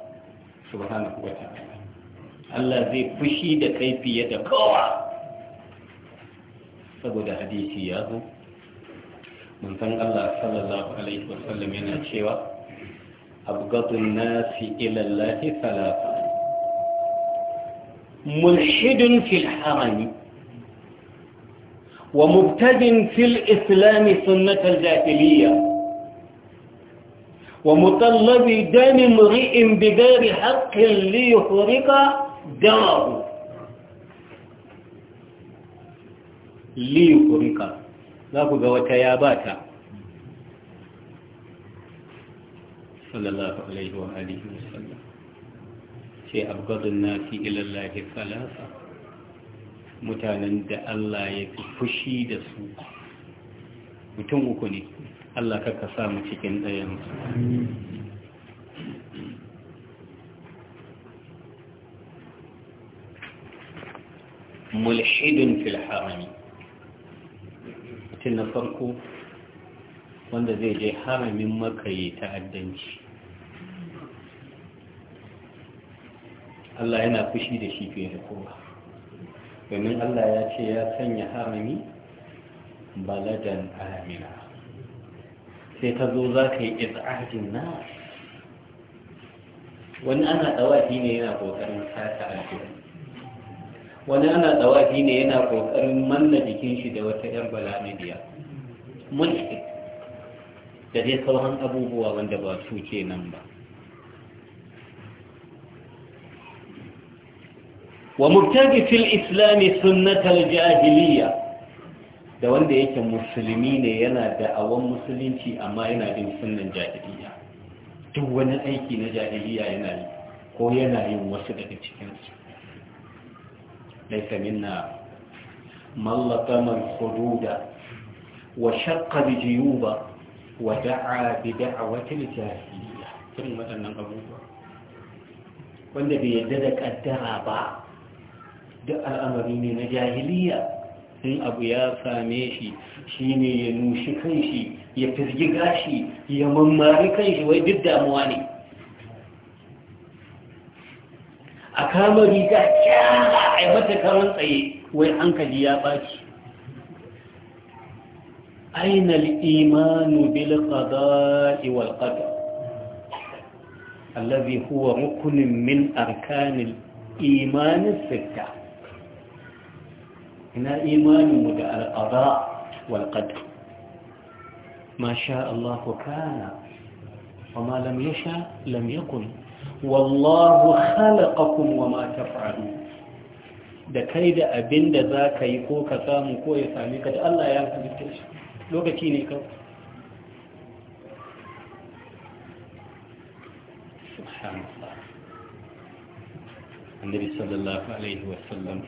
subhanahu wa ta'ala Allah zai fushi da kai fiye da kowa saboda hadisi ya zo mun san Allah sallallahu alaihi wa sallam yana cewa أبغض الناس إلى الله فعل ملحد في الحرم ومبتد في الإسلام سنة الجاهلية ومطلب دم امرئ بدار حق ليفرق دمه ليفرق لا بد وتيابات sallallahu alaihi wa alihi wasallam ce abgadun nasi ilallahi salasa mutanen da Allah ya fi fushi da su mutum uku ne Allah ka kasa mu cikin ɗayan mulhidun fil harami mutum na farko wanda zai je haramin makaye ta'addanci Allah yana fushi da shi fiye da kowa domin Allah ya ce ya sanya harami baladan amina sai ta zo za ka yi iz'ajin na wani ana tsawafi ne yana ƙoƙarin sata aljihu wani ana tsawafi ne yana ƙoƙarin manna jikin shi da wata 'yan balanidiya mulkin da dai sauran abubuwa wanda ba su ke nan ba wa mubtagi fil islami sunnatar jahiliya da wanda yake musulmi ne yana da awon musulunci amma yana bin sunan jahiliya duk wani aiki na jahiliya yana yi ko yana yin wasu daga cikinsu laisa minna mallaka man hududa wa shaqqa bijiyuba wa da'a a da'awatil jahiliya irin waɗannan abubuwa wanda bai yadda da ƙaddara ba duk al'amari ne na jahiliya in abu ya same shi shine ya nushi kanshi ya firgi gashi ya mammari kanshi wai duk damuwa ne a kama riga kyara a yi mata karon tsaye wai hankali ya baki أين الإيمان بالقضاء والقدر الذي هو ركن من أركان الإيمان الستة هنا إيمان مدى القضاء والقدر ما شاء الله كان وما لم يشاء لم يكن والله خلقكم وما تفعلون da kai da abin da za ka yi ko ka samu ko ya sami ka da Allah ya halitta shi lokaci ne kawai subhanallah annabi sallallahu alaihi wasallam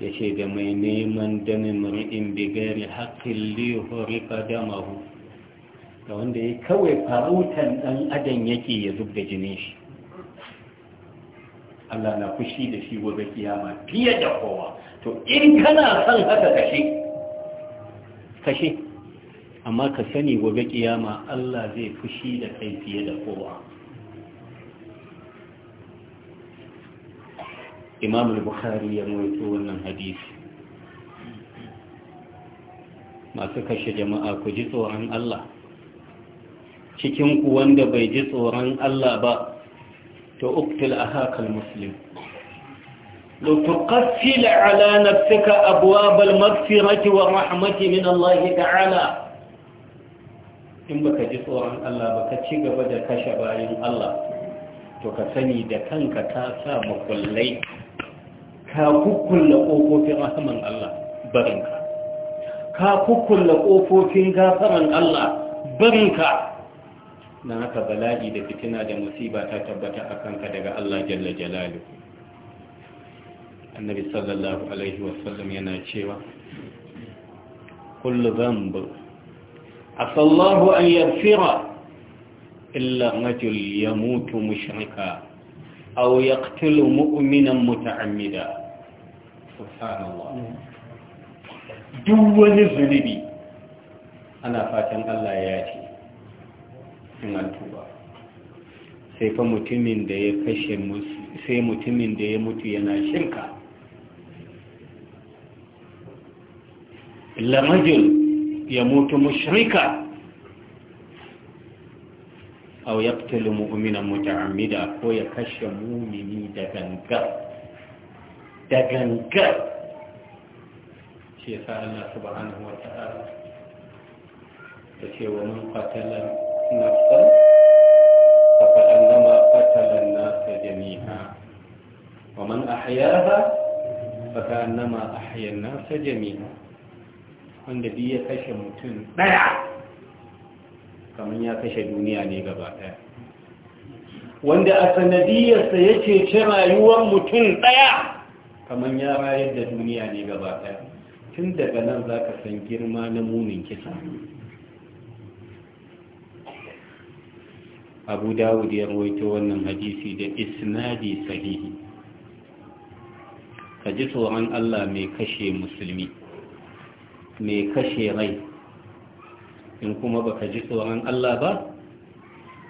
ya ce da mai neman damin muri'in bigari haƙƙin lihori ƙadamahu da wanda ya kawai farautan ɗan adam yake ya zub da jinin shi Allah na fushi da shi gobe kiyama fiye da kowa to in kana son haka kashe kashe amma ka sani gobe kiyama Allah zai fushi da kai fiye da kowa imam al-bukhari ya rawaito wannan hadisi masu kashe jama'a ku ji tsoron Allah cikin ku wanda bai ji tsoron Allah ba to uktil ahakal muslim لتقفل على نفسك أبواب المغفرة والرحمة من الله تعالى in baka ji tsoron Allah ka ci gaba da kashe bayan Allah to ka sani da kanka ka sa makullai ka kukkulla kofofin rahaman Allah barinka ka kukkulla kofofin gafaran Allah barinka na haka bala'i da fitina da masiba ta tabbata a kanka daga Allah jalla jalaluhu annabi sallallahu alaihi wasallam yana cewa kullu dhanb asallahu an yaghfira illa rajul yamutu mushrika aw yaqtulu mu'minan muta'ammida subhanallah duk wani zunubi ana fatan Allah ya ce in an tuba sai fa mutumin da ya kashe sai mutumin da ya mutu yana shirka لرجل يموت مشركا أو يقتل مؤمنا متعمدا هو يكشف مؤمني دغنكا دغنكا شيخ الله سبحانه وتعالى يقول ومن قتل نفسا فكأنما قتل الناس جميعا ومن أحياها فكأنما أحيا الناس جميعا wanda biyu ya kashe mutum ɗaya kamar ya kashe duniya ne gaba ɗaya wanda a sanadiyarsa ya cece rayuwar mutum ɗaya kamar ya rayar da duniya ne gaba ɗaya tun daga nan za ka san girma na munin kisa abu dawud ya rawaito wannan hadisi da isnadi sahihi ka ji tsoron allah mai kashe musulmi mai kashe rai in kuma baka ji tsoron Allah ba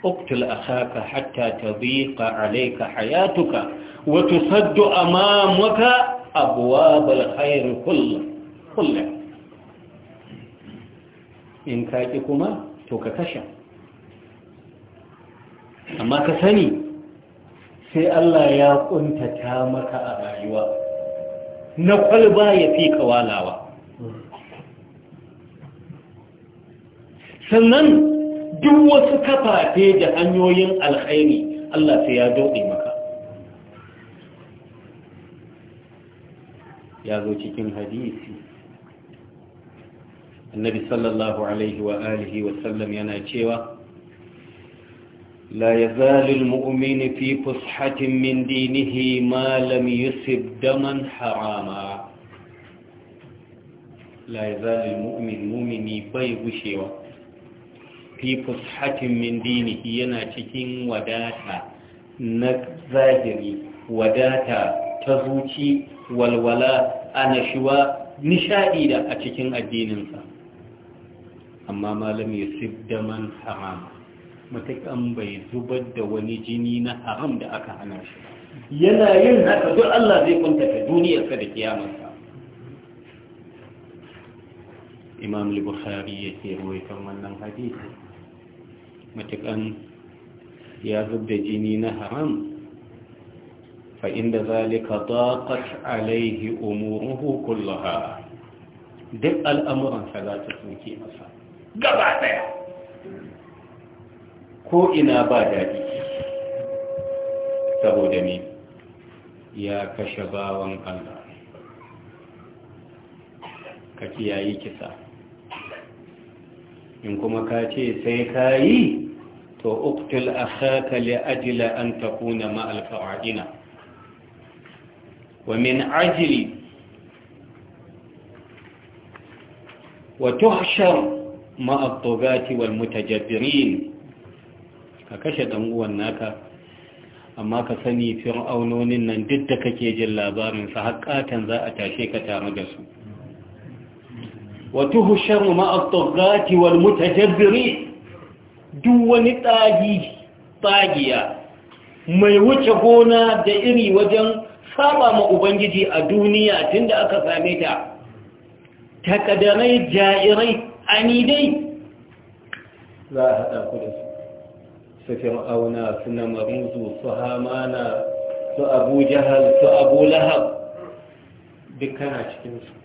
uktul akhaka hatta tadhiqa alayka hayatuka wa tusaddu amamaka abwab alkhair kullu in ka kuma to ka kashe amma ka sani sai Allah ya kuntata maka a rayuwa na kwalba ya fi kawalawa sannan duk wasu kafafe da hanyoyin alkhairi Allah sai ya doɗe maka ya zo cikin hadisi annabi sallallahu alaihi wa alihi wa sallam yana cewa لا يزال المؤمن في فسحة من دينه ما لم يسب دما حراما لا يزال المؤمن مؤمني بيغشيوه fi fushatin min dinihi yana cikin wadata na zahiri wadata ta zuci walwala anashuwa nishadi da a cikin addininsa amma malam ya sidda man haram matakan bai zubar da wani jini na haram da aka hana shi yana yin haka duk Allah zai kuntata duniyarsa da kiyamarsa imam al-bukhari yake ruwaitan wannan hadisi matukan ya zubda jini na haram inda zalika ضاقت Alayhi umuruhu kullaha. duk al'amuransa za ta soke masa gaba ɗaya ko ina ba daɗi saboda ni ya kashe bawan Allah ka kiyaye kisa in kuma ka ce sai ka yi to uktul a li ajla an takuna ma al wa min ajli wa tuhshar ma wal ka kashe dan naka amma ka sani fir'aunonin nan duk da kake jin labarin sa haƙƙatan za a tashe ka tare da su وتهشر مع الطغاة والمتجبرين دون طاغي طاغية mai wuce gona da iri wajen saba ma ubangiji a duniya tunda aka same ta takadarai jairai anidai za a haɗa ku da su su fir'auna su namaruzu su hamana su abu jahal su abu lahab duk kana cikinsu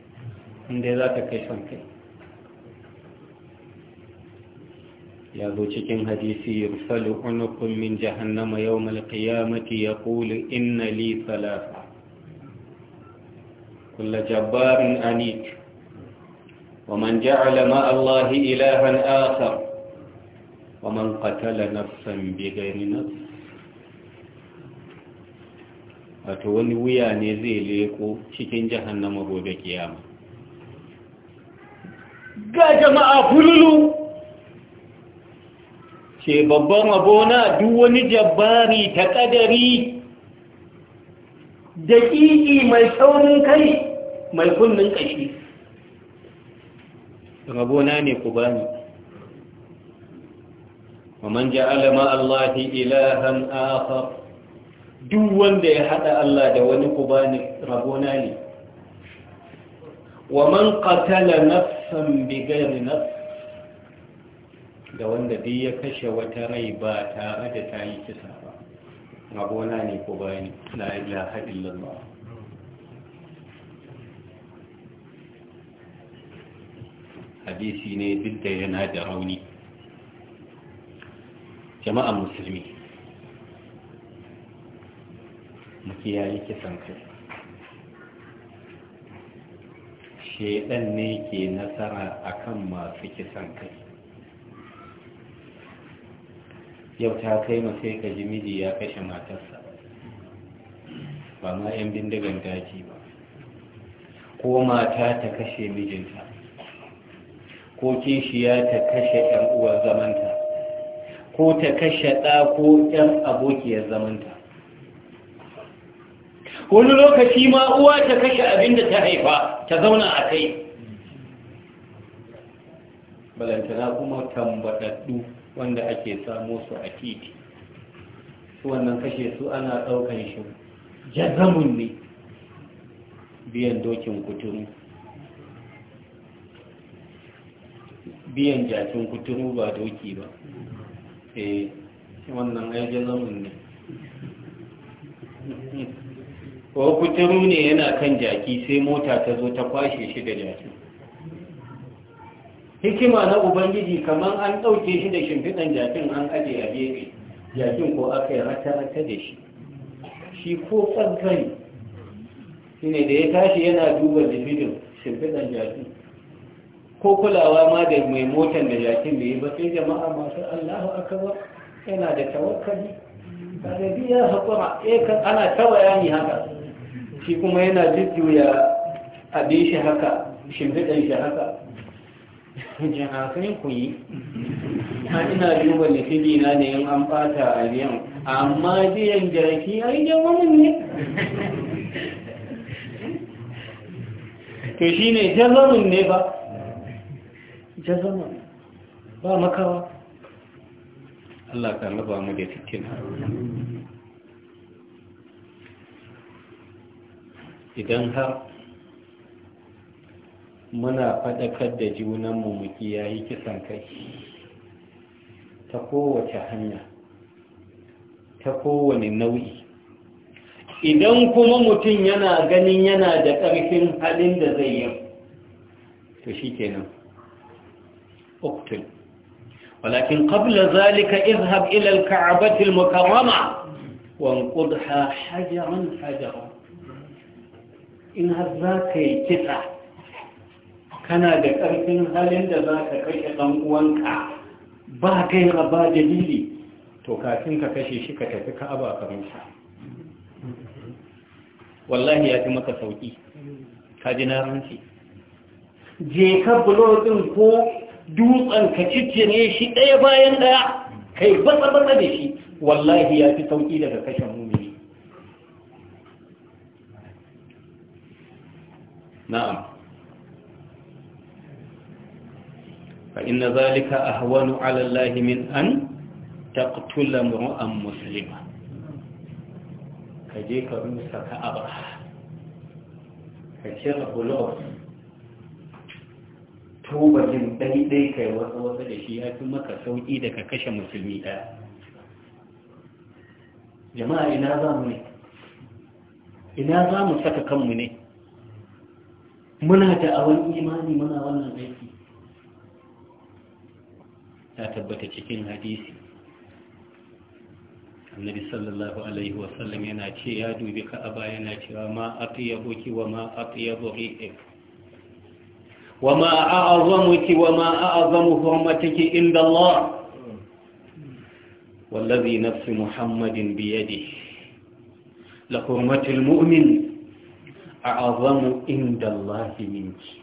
inda za ta kai son kai ya zo cikin hadisi yursalu unukun min jahannama yawmal qiyamati yaqulu inna li thalatha kullu jabbarin anid ومن جعل مع الله إلها آخر ومن قتل نفسا بغير نفس wato wani wuya ne zai leko cikin jahannama gobe kiyama ga jama'a fululu ce babban abona duk wani jabari ta kadari ƙiƙi mai saurin kai mai kunnen ƙashi rabona ne ku bani ومن جعل مع الله إلها آخر duk wanda ya hada Allah da wani uba ne rabona ne wa man qatala nafsan nafsan bi gairi da wanda dai ya kashe wata rai ba tare da ta yi kisa ba a gona ne ko bayani la ilaha illallah hadisi ne duk da yana da rauni jama'a musulmi mu kiyaye kisan kai shedan ne ke nasara akan masu kisan kai yau ta kai sai ka ji miji ya kashe matarsa ba ma 'yan bindigan daji ba ko mata ta kashe mijinta ko kishiya ta kashe 'yan uwar zamanta ko ta kashe ɗa ko 'yan abokiyar zamanta wani lokaci ma uwa ta kashe abinda ta haifa ta zauna a kai balantana kuma tambaɗaɗɗu wanda ake samu su a titi su wannan kashe su ana ɗaukan shi jazamun ne biyan dokin kuturu biyan jakin kuturu ba doki ba eh wannan ai jazamun ne ko kuturu ne yana kan jaki sai mota ta zo ta kwashe shi da jaki hikima na ubangiji kamar an ɗauke shi da shimfiɗan jakin an aje a gefe jakin ko aka yi rata-rata da shi shi ko tsaggari shi ne da ya tashi yana duba da bidin shimfiɗan jakin ko kulawa ma da mai motan da jakin da ya ba sai jama'a masu allahu ba yana da tawakkali ba da biya haƙura eh, ana ta ne haka shi kuma yana jujjuya abin shi haka shimfiɗin shi haka jihasun ku yi ta ina duba nufidi na ne yin an fata a biyan amma biyan jiraki a yi wani ne to shi ne jazamin ne ba jazamin ba makawa Allah ka laba mu da fitina idan har muna faɗakar da junanmu muki ya yi kisan kai ta kowace hanya ta kowane nau'i idan kuma mutum yana ganin yana da ƙarfin halin da zai yi to shi kenan uktul walakin qabla zalika izhab ilal al-ka'bati al-mukarrama wanqudha hajaran hajaran in har za ka yi kitsa kana da ƙarfin halin da za ka kashe ɗan uwanka ba gaira ba dalili to kafin ka kashe shi ka tafi aba ka rusa wallahi ya fi maka sauƙi ka ji na ranci je ka bulogin ko dutsen ka ciccire shi ɗaya bayan ɗaya kai batsa-batsa da shi wallahi ya fi sauƙi daga kashe mu na'am fa inna zalika ahwanu ala Allah min an taqtula mar'an muslima kaje ka rusa ka'aba ka cire bulo tubajin daidai kai wasu wasu da shi ya fi maka sauƙi da ka kashe musulmi ɗaya jama'a ina za mu ne ina za mu saka kanmu ne muna da awon imani muna wannan aiki ta tabbata cikin hadisi annabi sallallahu alaihi wasallam yana ce ya dubi ka'aba yana cewa ma a atyabuki wa ma a atyabu ri'ik wa ma a a'azamuki wa ma a azamu a'azamu ki inda Allah wallazi nafsi muhammadin biyadihi la hurmatul mu'min a'azamu inda Allah minci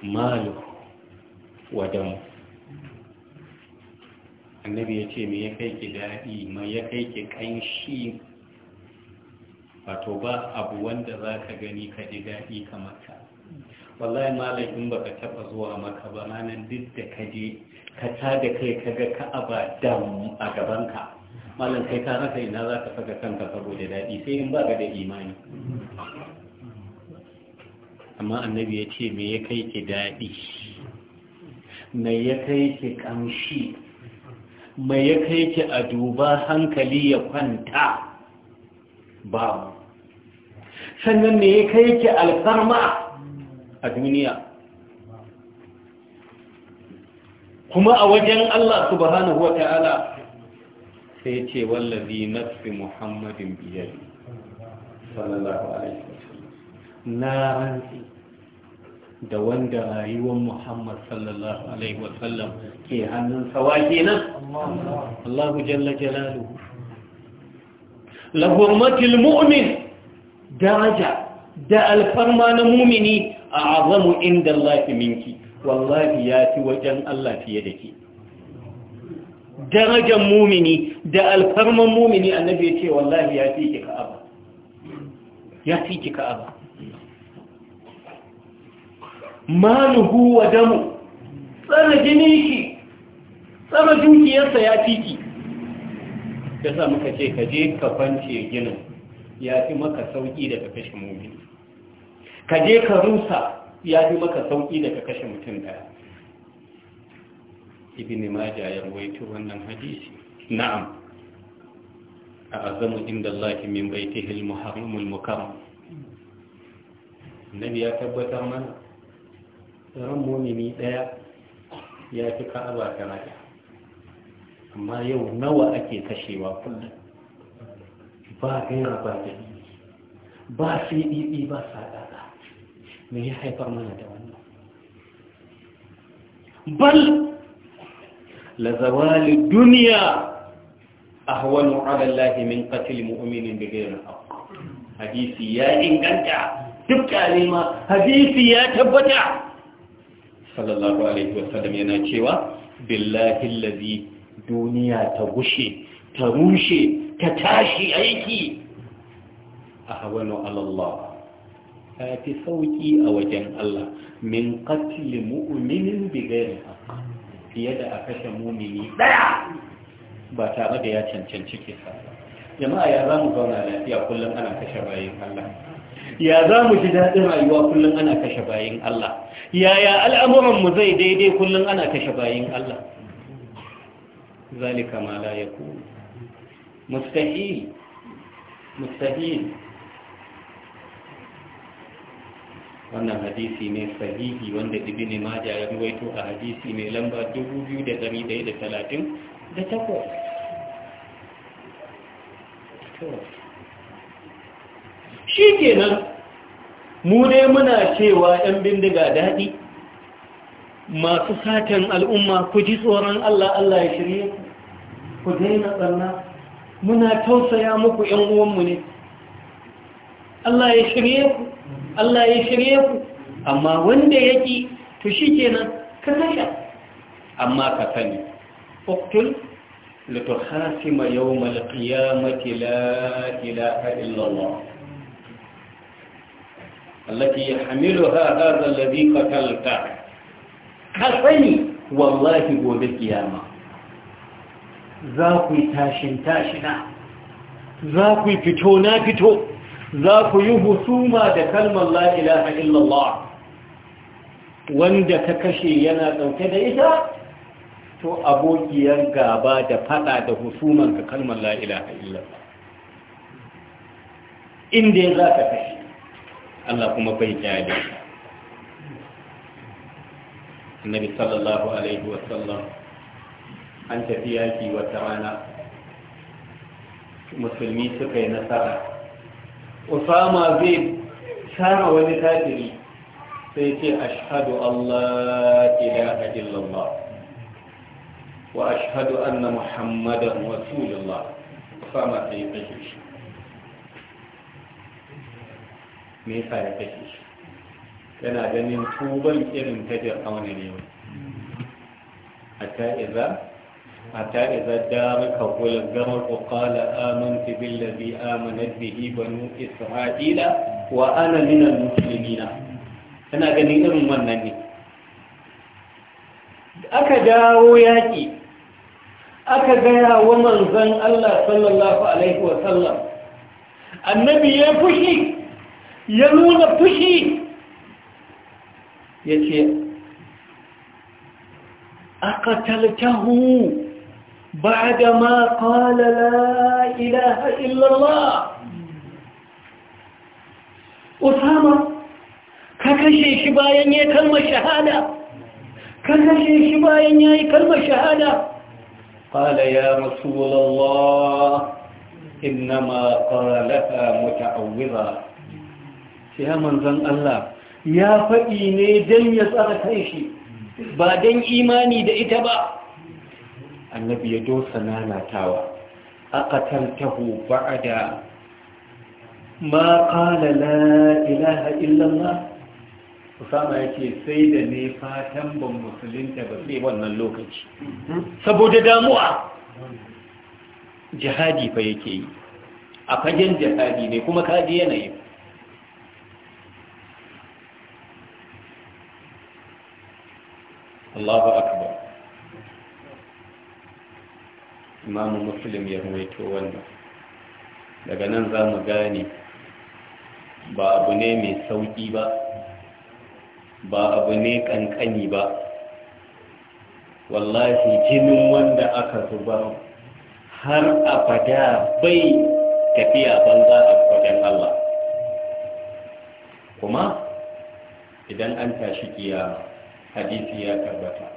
malu wa damu annabi ya ce me ya kai ki daɗi me ya kai ki ƙanshi wato ba abu wanda za ka gani ka ji daɗi kamar ta wallahi malam in ka taɓa zuwa maka ba ranar duk da ka je ka ta da kai ka ga ka'aba damu a gabanka malam kai ka rasa ina za ka saka kanka saboda daɗi sai in ba ka da imani amma annabi ya ce me ya kai ki daɗi me ya kai ki ƙamshi me ya kai ki a duba hankali ya kwanta ba? sannan me ya kai ki alfarma a duniya kuma a wajen Allah subhanahu wa ta'ala sai ce wallazi nafsi muhammadin biyari sallallahu alaihi wasallam na rantsi da wanda rayuwar muhammad sallallahu alaihi wasallam ke hannun sawa kenan Allahu jalla jalaluhu la hurmatil mu'min daraja da alfarma na mumini a azamu inda Allah minki wallahi ya ci wajen Allah fiye da ke darajar mumini da alfarman mumini annabi ya ce wallahi ya fi ki ka'aba ya fi ki ka'aba maluhu wa damu tsara jini ki tsara dukiyarsa ya fi ki ya sa muka ce ka je ka kwance ginin ya fi maka sauƙi da ka kashe mumini ka je ka rusa ya fi maka sauƙi da ka kashe mutum daya ibn majah ya rawaito wannan hadisi na'am a azamu inda Allah min baitihi al-muharram al-mukarram nabi ya tabbatar mana ran mumini daya ya fi ka'aba daraja amma yau nawa ake kashewa kullum ba gaira ba da ba sai bibi ba sadaka me haifar mana da wannan bal لزوال الدنيا أهون على الله من قتل مؤمن بغير الحق حديثي يا إنجنجا تبقى لما حديثي يا تبتع صلى الله عليه وسلم يناتشيوا بالله الذي دنيا تغشي تروشي تتاشي أيكي أهون على الله ta fi sauki a wajen Allah min qatl mu'minin bi ghairi haqq fiye da a kashe mumini daya ba tare da ya cancanci kisa jama'a ya za mu zauna lafiya kullum ana kashe bayan Allah ya za mu ji daɗin rayuwa kullum ana kashe bayan Allah yaya al'amuranmu zai daidai kullum ana kashe bayan Allah zalika ma la yakun mustahil mustahil wannan hadisi ne sahihi wanda ibn majah ya ruwaito a hadisi mai lamba 2138 da takwas shi kenan mu ne muna cewa 'yan bindiga daɗi masu satan al'umma ku ji tsoron Allah Allah ya shirye ku daina tsarna muna tausaya muku ‘yan uwanmu ne Allah ya shirye ku Allah ya shirye ku amma wanda yake to shikenan ka kasha amma ka sani uktul litukhasima yawmal qiyamati la ilaha illa Allah allati yahmiluha hadha alladhi qatalta ka sani wallahi gobe kiyama za ku tashin tashina za ku fito na fito za ku yi husuma da kalmar La'ila ilaha illallah wanda ka kashe yana ɗauke da ita to abokiyar gaba da fada da husuman ka kalmar La'ila ilaha illallah inda za ka kashe Allah kuma bai kyale Annabi sallallahu alaihi wasallam an tafi yaki wata rana musulmi suka yi nasara usama zai kama wani kafiri sai ce ashhadu allah ilaha illallah wa ashhadu anna muhammadan rasulullah usama sai ya kashe shi me yasa ya kashe shi yana ganin tuban irin ta fir'auna ne hatta idza حتى إذا دارك والغرق قال آمنت بالذي آمنت به بنو إسرائيل وأنا من المسلمين أنا قليل من منني aka dawo yaƙi aka gaya wa manzan Allah sallallahu Alaihi wasallam annabi ya fushi ya nuna fushi ya ce aka taltahu بعدما قال لا إله إلا الله أسامة ككشي شباين يكلم شهادة ككشي شباين يكلم شهادة قال يا رسول الله إنما قالها متعوضا يا منزل الله يا فئي ne don ya tsara kanshi ba don imani da ita ba annabi ya dosa nanatawa aqataltahu ba'da ma da la ilaha illa Allah Usama yake sai da ne fatan ban musulunta ba sai wannan lokaci saboda damuwa jihadi fa yake yi a fagen jihadi ne kuma kaji yanayi Allahu akbar imamu muslim ya ruwaito wannan daga nan za mu gane ba abu ne mai sauƙi ba ba abu ne ƙanƙani ba wallahi jinin wanda aka zubar har abada bai tafiya banza a kwajen Allah kuma idan an tashi iya hadisi ya tabbata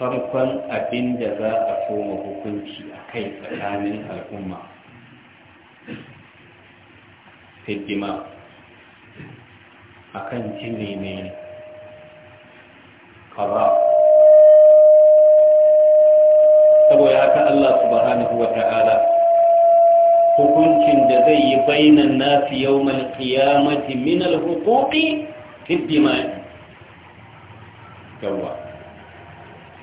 farkon abin da za a koma hukunci a kai tsakanin al'umma hidima a kan jini ne kara saboda haka Allah subhanahu wa ta'ala hukuncin da zai yi bainan nasi yau qiyamati min al hukuki hidima yawa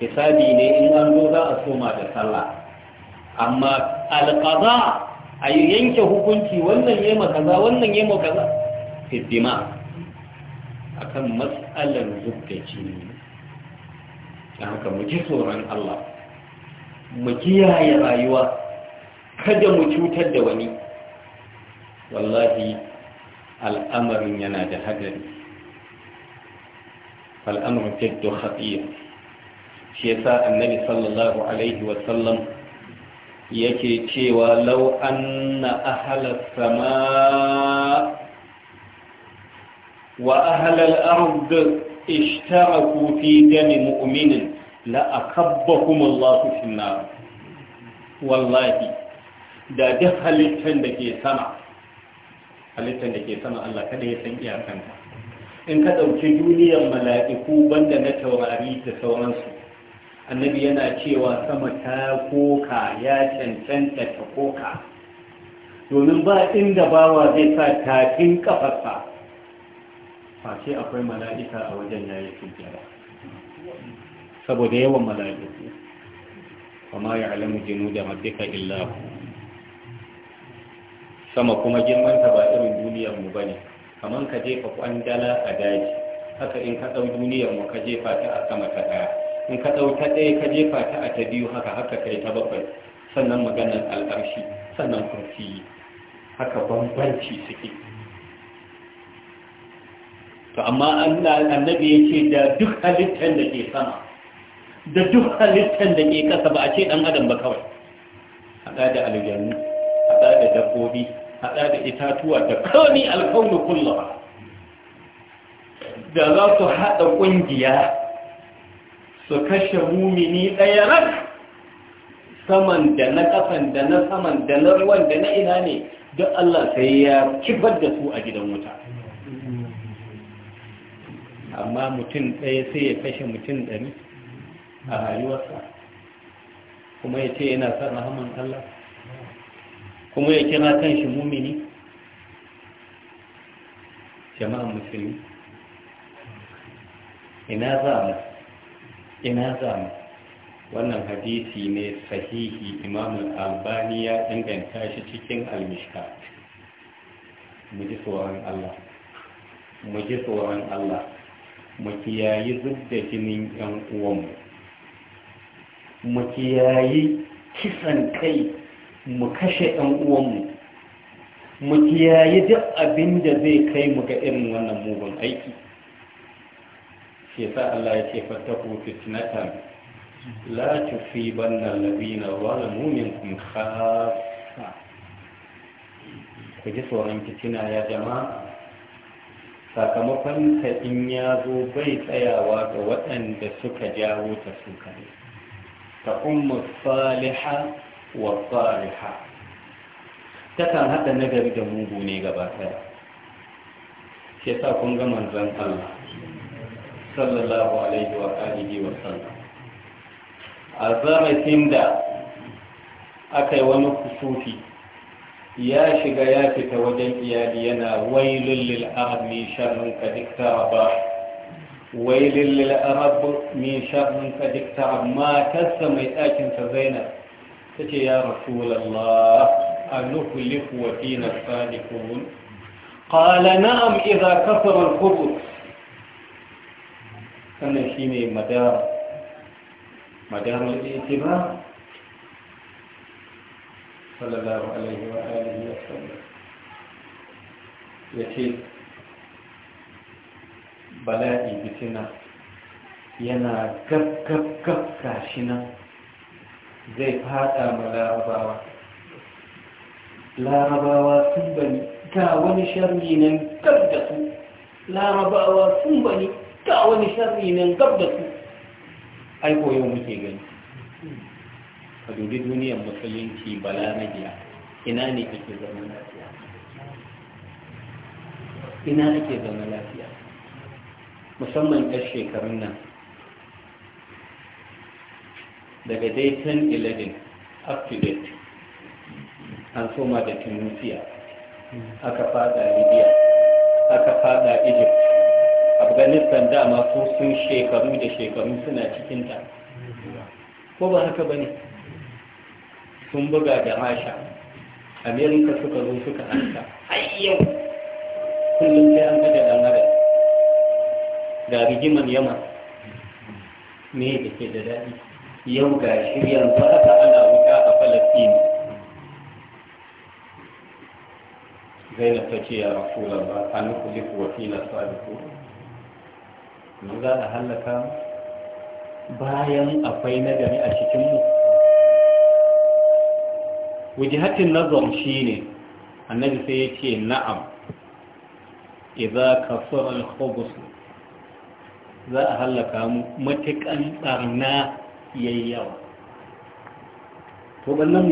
hisabi ne in an zo za a soma da sallah amma alqada a yi yanke hukunci wannan ya kaza wannan ya kaza a kan matsalar zubda jini da haka mu ji tsoron Allah mu kiyaye rayuwa kada mu cutar da wani wallahi al'amarin yana da hadari al'amarin fiddo haɗiyar shi yasa annabi sallallahu alaihi wasallam yake cewa law anna ahlas samaa wa ahlal ard ishtaraku fi dami mu'minin la akabbahum Allah fi nar wallahi da duk halittar da ke sama halittar da ke sama Allah kada ya san iyakanta in ka ɗauki duniyar mala'iku banda na taurari da sauransu annabi yana cewa sama ta koka ya cancanta ta koka domin ba inda bawa zai sa tafin kafarsa face akwai mala'ika a wajen yayi sujjada saboda yawan mala'iku kuma ya alamu jinu da maddika illahu sama kuma girmanta ba irin duniyarmu ba ne kamar ka jefa kwandala a daji haka in ka ɗau duniyarmu ka jefa ta a sama ta ɗaya in ka ɗauka ɗaya ka jefa ta a ta biyu haka haka kai ta bakwai sannan maganar al'arshi sannan kursi haka bambanci suke to amma annabi ya ce da duk halittar da ke sama da duk halittar da ke kasa ba a ce ɗan adam ba kawai haɗa da aljannu haɗa da dabbobi haɗa da itatuwa da kawai alkaunu kullum da za su haɗa ƙungiya su kashe mumini ɗaya rak saman da na ƙasan da na saman da na ruwan da na ina ne don Allah sai ya kibar da su a gidan wuta amma mutum ɗaya sai ya kashe mutum ɗari a rayuwarsa kuma ya ce yana son rahaman Allah kuma ya kira kan shi mumini jama'an musulmi ina za ina za mu wannan hadisi ne sahihi imamun albani ya inganta shi cikin almishka mu ji tsoron allah mu ji tsoron allah mu kiyayi zub jinin yan uwanmu mu kiyayi kisan kai mu kashe yan uwanmu mu kiyayi duk abin da zai kai mu ga irin wannan mugun aiki ke sa Allah ya ce fattaku fitnatan la tusibanna alladhina zalamu minkum khassa ku ji tsoron fitina ya jama'a sakamakon ta in ya zo bai tsayawa ga waɗanda suka jawo ta su kare ta ummu saliha wa saliha kan haɗa nagari da mugu ne gaba ɗaya shi sa kun ga manzan Allah صلى الله عليه وآله وسلم a zarafin da aka yi wani kusufi ya shiga ya fita wajen iyali yana wailun lil'arab min sharrin ka diktara ba wailun lil'arab min sharrin ka diktara matarsa mai ɗakinsa zainab ta ce ya rasulallah a nuhulif wa fina sadikun قال نعم إذا كثر الخبث sannan shi ne madarar itiba sallallahu alaihi wa alihi wa sallam ya ce bala'i bitina yana gaggagag gashi nan zai fada ma larabawa larabawa sun bane ga wani sharri nan gab larabawa sun bane ta wani sharri nan gab da su ai koyo muke gani ka dubi duniyar musulunci bala na biya ina ne ake zama lafiya ina ake zama lafiya musamman ƙar shekarun nan daga dai 10-11 up to date an soma da tunisia aka fada libya aka fada egypt afghanistan dama su sun shekaru da shekaru suna cikinta ko ba haka ba ne sun buga da rasha amerika suka zo suka hanta har kullum sai an kada da adam ga rigiman yamma me da ke da daɗi yau ga shiryan haka ana wuta a falastini zainab ta ce ya rasu lamba an kulifu wa fila sadiku yanzu za a hallaka bayan akwai nagari a cikinmu wujihatin nazar shi ne annabi sai ya ce na'am idan tsoron alkhobus za a hallaka mu matuƙan ɓarna yayyawa to ɓannan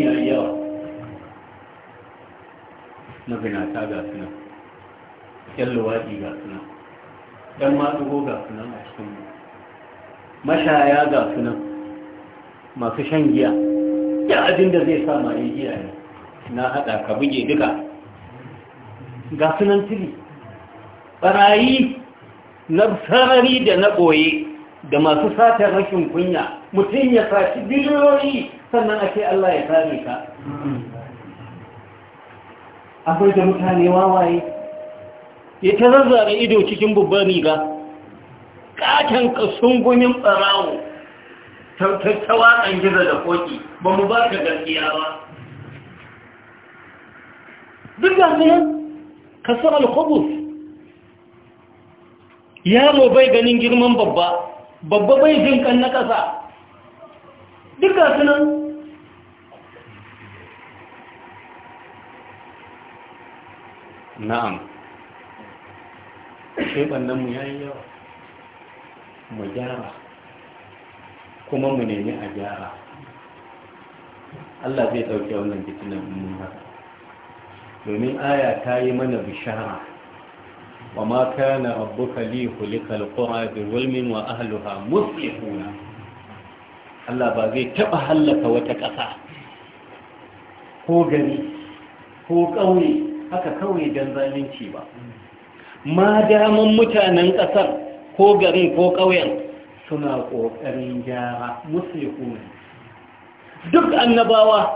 na binata ga suna ƴan luwaɗi ga suna ɗan maɗugo ga sunan a cikin mashaya ga sunan masu shan giya ya abin da zai sa mai giya ne na haɗa ka buge duka ga sunan tili ɓarayi na sarari da na ɓoye da masu satar rashin kunya mutum ya faci biliyoyi sannan ake Allah ya sare ka akwai da mutane wawaye ya ta zazzara ido cikin babban riga katon kasun gumin barawo Tattattawa an gizo da koki ba mu ba ka gaskiya ba duk da sayan kasar alkhobus yaro bai ganin girman babba babba bai jin kan na ƙasa duk da sanan na'am sheban nan mu yayi yawa mu gyara kuma mu nemi a gyara Allah zai ɗauke wannan fitinan mun haka domin aya ta yi mana bishara wa ma kana rabbuka li hulikal qura bi zulmin wa ahliha muslihuna Allah ba zai taba hallaka wata ƙasa ko gari ko kauye haka kawai dan zalunci ba ma daman mutanen ƙasar ko garin ko ƙauyen suna ƙoƙarin gyara musulmi duk annabawa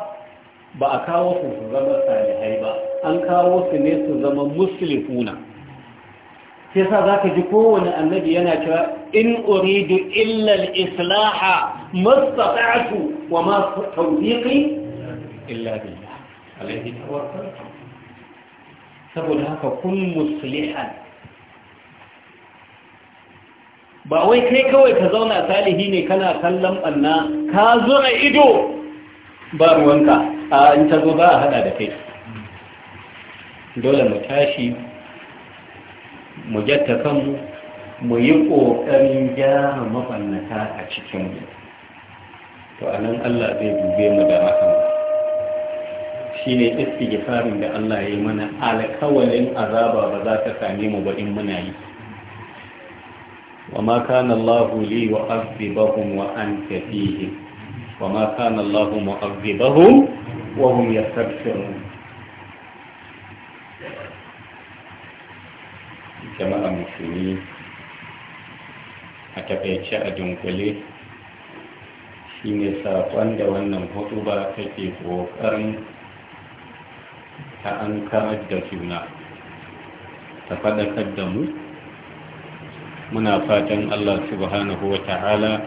ba a kawo su su zama salihai ba an kawo su ne su zama musulmi sai sa za ka ji kowane annabi yana cewa in uridu illal islaha mastata'tu wa masu tawfiqi illa billah alaihi saboda haka kun muslihan ba wai kai kawai ka zauna salihi ne kana kallon banna ka zura ido ba ruwanka a in ta zo za a hada da kai dole mu tashi mu jatta kanmu mu yi ƙoƙarin gyara mafannata a cikinmu to anan allah zai dube mu da rahama shine istighfarin da Allah ya yi mana alkawalin azaba ba za ta same mu ba in muna yi وما كان الله لي وأذبهم وأنت فيهم وما كان الله مؤذبهم وهم يستبشرون جماعة Jama'a أتبعي a dunkule shine saƙon da wannan hutuba take ƙoƙarin ta an karar da juna ta faɗaƙar da mu muna fatan Allah subhanahu wa ta'ala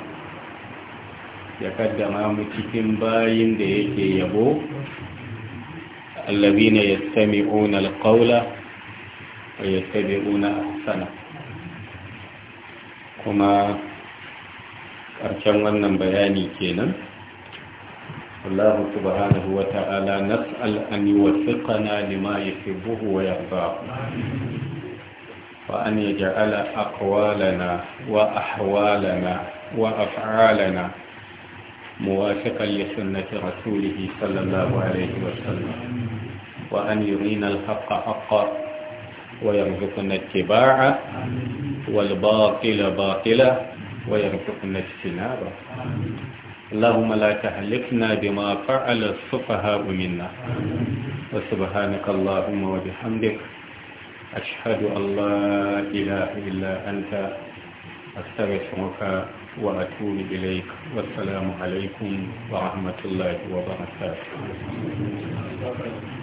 ya kaddama mu cikin bayin da yake yabo allazina yastami'una alqawla wa yattabi'una ahsana kuma ƙarshen wannan bayani kenan الله سبحانه وتعالى نسأل أن يوفقنا لما يحبه ويرضاه وأن يجعل أقوالنا وأحوالنا وأفعالنا موافقا لسنة رسوله صلى الله عليه وسلم وأن يرينا الحق حقا ويرزقنا اتباعه والباطل باطلا ويرزقنا اجتنابه اللهم لا تهلكنا بما فعل السفهاء منا وسبحانك اللهم وبحمدك أشهد أن لا إله إلا أنت أستغفرك وأتوب إليك والسلام عليكم ورحمة الله وبركاته